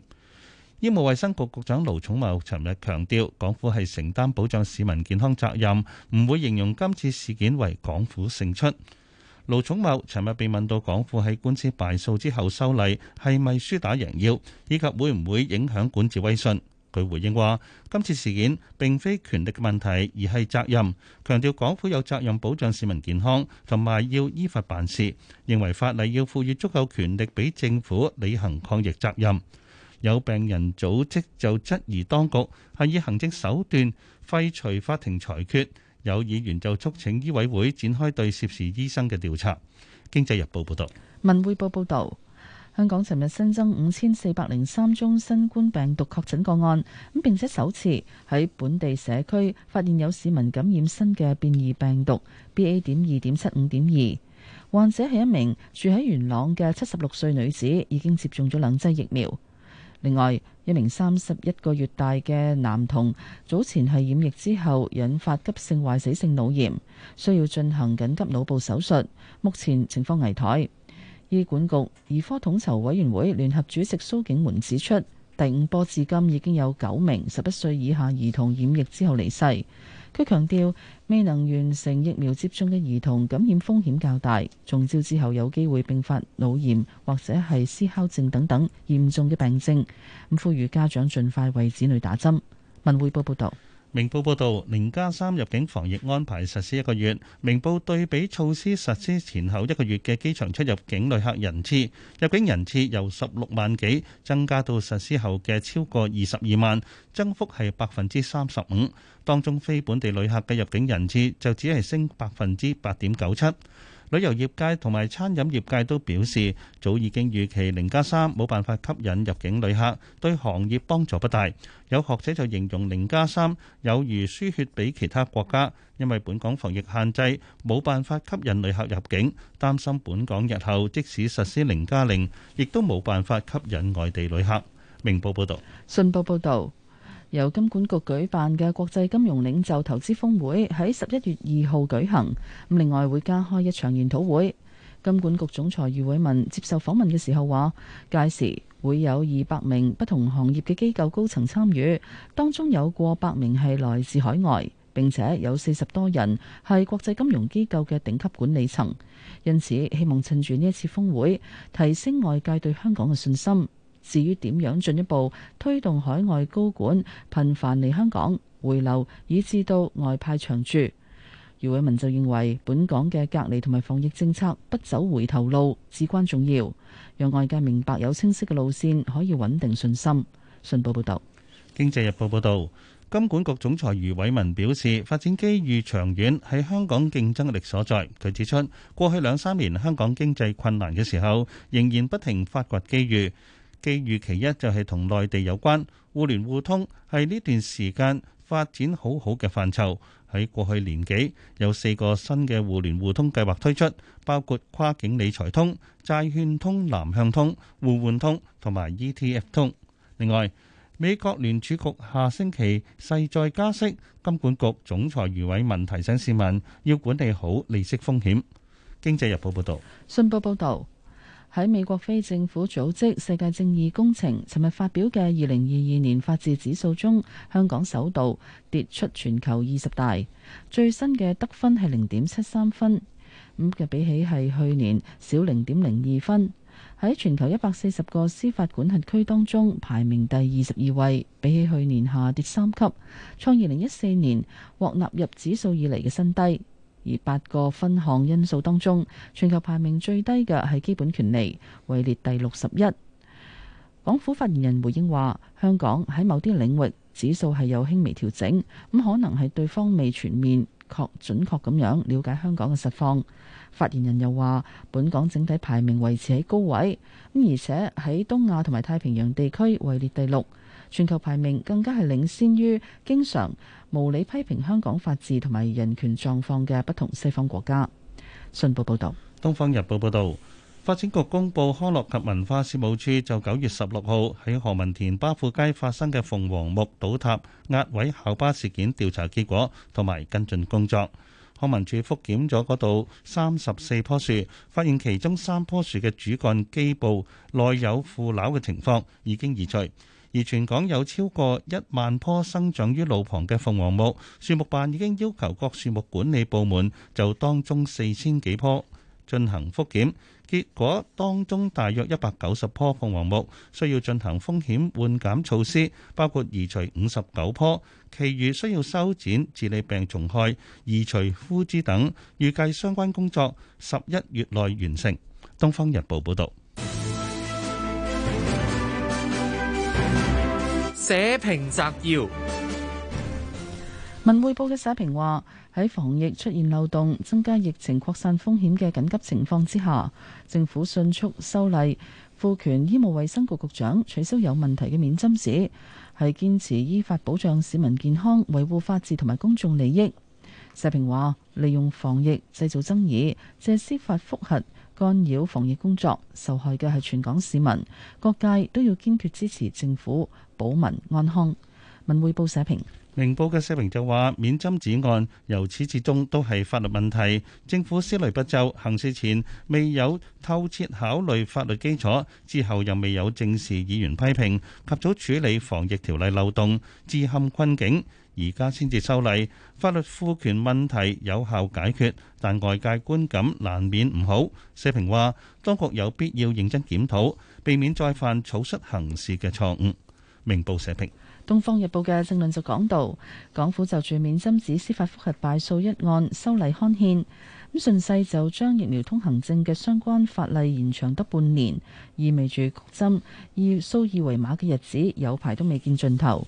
醫務衛生局局長盧寵茂尋日強調，港府係承擔保障市民健康責任，唔會形容今次事件為港府勝出。盧寵茂尋日被問到港府喺官司敗訴之後修例係咪輸打贏要，以及會唔會影響管治威信，佢回應話：今次事件並非權力嘅問題，而係責任。強調港府有責任保障市民健康，同埋要依法辦事。認為法例要賦予足夠權力俾政府履行抗疫責任。有病人組織就質疑當局係以行政手段廢除法庭裁決。有議員就促請醫委會展開對涉事醫生嘅調查。經濟日報報道，文匯報報道，香港尋日新增五千四百零三宗新冠病毒確診個案，咁並且首次喺本地社區發現有市民感染新嘅變異病毒 BA 點二點七五點二。患者係一名住喺元朗嘅七十六歲女子，已經接種咗兩劑疫苗。另外，一名三十一個月大嘅男童，早前係染疫之後引發急性壞死性腦炎，需要進行緊急腦部手術，目前情況危殆。醫管局兒科統籌委員會聯合主席蘇景門指出，第五波至今已經有九名十一歲以下兒童染疫之後離世。佢強調，未能完成疫苗接種嘅兒童感染風險較大，中招之後有機會併發腦炎或者係思考症等等嚴重嘅病症。咁，呼籲家長盡快為子女打針。文匯報報道。明報報道，零加三入境防疫安排實施一個月。明報對比措施實施前後一個月嘅機場出入境旅客人次，入境人次由十六萬幾增加到實施後嘅超過二十二萬，增幅係百分之三十五。當中非本地旅客嘅入境人次就只係升百分之八點九七。旅遊業界同埋餐飲業界都表示，早已經預期零加三冇辦法吸引入境旅客，對行業幫助不大。有學者就形容零加三有如輸血畀其他國家，因為本港防疫限制冇辦法吸引旅客入境，擔心本港日後即使實施零加零，亦都冇辦法吸引外地旅客。明報報道，信報報道。由金管局舉辦嘅國際金融領袖投資峰會喺十一月二號舉行，咁另外會加開一場研討會。金管局總裁余偉文接受訪問嘅時候話，屆時會有二百名不同行業嘅機構高層參與，當中有過百名係來自海外，並且有四十多人係國際金融機構嘅頂級管理層，因此希望趁住呢一次峰會提升外界對香港嘅信心。至於點樣進一步推動海外高管頻繁嚟香港回流，以至到外派長住？余偉文就認為，本港嘅隔離同埋防疫政策不走回頭路至關重要，讓外界明白有清晰嘅路線可以穩定信心。信報報導，《經濟日報》報道，金管局總裁余偉文表示，發展機遇長遠係香港競爭力所在。佢指出，過去兩三年香港經濟困難嘅時候，仍然不停發掘機遇。基於其一就係同內地有關互聯互通係呢段時間發展好好嘅範疇，喺過去年幾有四個新嘅互聯互通計劃推出，包括跨境理財通、債券通、南向通、互換通同埋 ETF 通。另外，美國聯儲局下星期勢在加息，金管局總裁余偉文提醒市民要管理好利息風險。經濟日報報道。信報報導。喺美國非政府組織世界正義工程尋日發表嘅二零二二年法治指數中，香港首度跌出全球二十大，最新嘅得分係零點七三分，咁嘅比起係去年少零點零二分。喺全球一百四十個司法管轄區當中排名第二十二位，比起去年下跌三級，創二零一四年獲納入指數以來嘅新低。而八個分項因素當中，全球排名最低嘅係基本權利，位列第六十一。港府發言人回應話：香港喺某啲領域指數係有輕微調整，咁可能係對方未全面確、準確噉樣了解香港嘅實況。發言人又話：本港整體排名維持喺高位，咁而且喺東亞同埋太平洋地區位列第六。全球排名更加係領先於經常無理批評香港法治同埋人權狀況嘅不同西方國家。信報報道，《東方日報》報道，發展局公布康樂及文化事務處就九月十六號喺何文田巴富街發生嘅鳳凰木倒塌壓毀校巴事件調查結果同埋跟進工作。康文署復檢咗嗰度三十四棵樹，發現其中三棵樹嘅主幹基部內有腐朽嘅情況已經移除。而全港有超過一萬棵生長於路旁嘅鳳凰木，樹木辦已經要求各樹木管理部門就當中四千幾棵進行復檢，結果當中大約一百九十棵鳳凰木需要進行風險緩減措施，包括移除五十九棵，其餘需要修剪、治理病蟲害、移除枯枝等，預計相關工作十一月內完成。《東方日報》報導。社評摘要：文匯報嘅社評話，喺防疫出現漏洞、增加疫情擴散風險嘅緊急情況之下，政府迅速修例，賦權醫務衛生局局長取消有問題嘅免針紙，係堅持依法保障市民健康、維護法治同埋公眾利益。社評話，利用防疫製造爭議，借司法複核，干擾防疫工作，受害嘅係全港市民，各界都要堅決支持政府保民安康。文匯報社評。明報嘅社評就話：免針紙案由始至終都係法律問題，政府思慮不周，行事前未有透徹考慮法律基礎，之後又未有正視議員批評，及早處理防疫條例漏洞，致陷困境。而家先至修例，法律賦權問題有效解決，但外界觀感難免唔好。社評話：當局有必要認真檢討，避免再犯草率行事嘅錯誤。明報社評。《東方日報》嘅政論就講到，港府就住免針紙司法覆核敗訴一案修例刊憲，咁順勢就將疫苗通行證嘅相關法例延長得半年，意味住焗針要掃二維碼嘅日子有排都未見盡頭。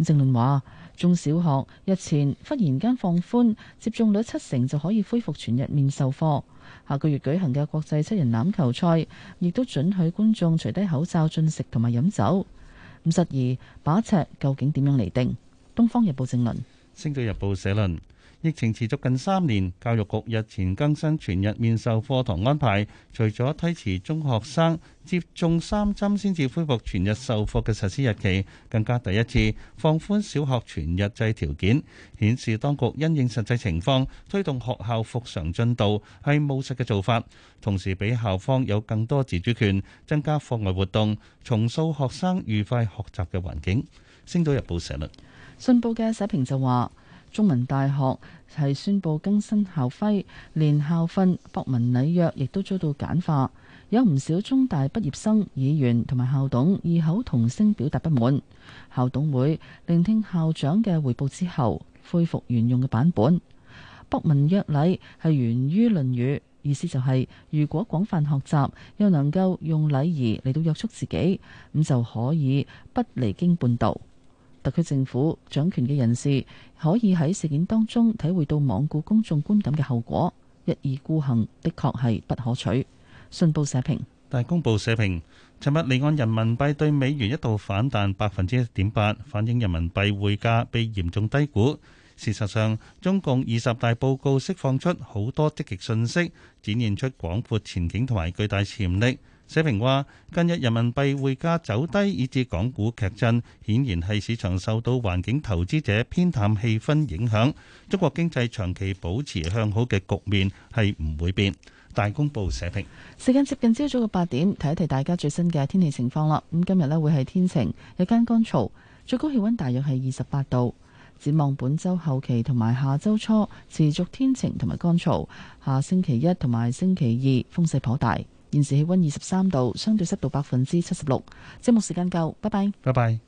咁政論話中小學日前忽然間放寬，接種率七成就可以恢復全日面授課，下個月舉行嘅國際七人欖球賽亦都准許觀眾除低口罩進食同埋飲酒。五十二把尺究竟點樣嚟定？東方日報正論，星島日報社論。疫情持續近三年，教育局日前更新全日面授課堂安排，除咗推遲中學生接種三針先至恢復全日授課嘅實施日期，更加第一次放寬小學全日制條件，顯示當局因應實際情況推動學校復常進度係務實嘅做法，同時俾校方有更多自主權，增加課外活動，重塑學生愉快學習嘅環境。星島日報社論，信報嘅社評就話。中文大學係宣布更新校徽，連校訓、博文禮約亦都遭到簡化。有唔少中大畢業生、議員同埋校董異口同聲表達不滿。校董會聆聽校長嘅回報之後，恢復原用嘅版本。博文約禮係源於《論語》，意思就係，如果廣泛學習，又能夠用禮儀嚟到約束自己，咁就可以不離經半道。特區政府掌權嘅人士可以喺事件當中體會到罔顧公眾觀感嘅後果，一意孤行的確係不可取。信報社評，大公報社評，尋日離岸人民幣對美元一度反彈百分之一點八，反映人民幣匯價被嚴重低估。事實上，中共二十大報告釋放出好多積極訊息，展現出廣闊前景同埋巨大潛力。社評話：近日人民幣匯價走低，以致港股劇震，顯然係市場受到環境、投資者偏淡氣氛影響。中國經濟長期保持向好嘅局面係唔會變。大公報社評。時間接近朝早嘅八點，提一提大家最新嘅天氣情況啦。咁今日呢會係天晴，日間乾燥，最高氣溫大約係二十八度。展望本周後期同埋下周初持續天晴同埋乾燥，下星期一同埋星期二風勢頗大。現時氣溫二十三度，相對濕度百分之七十六。節目時間夠，拜拜。拜拜。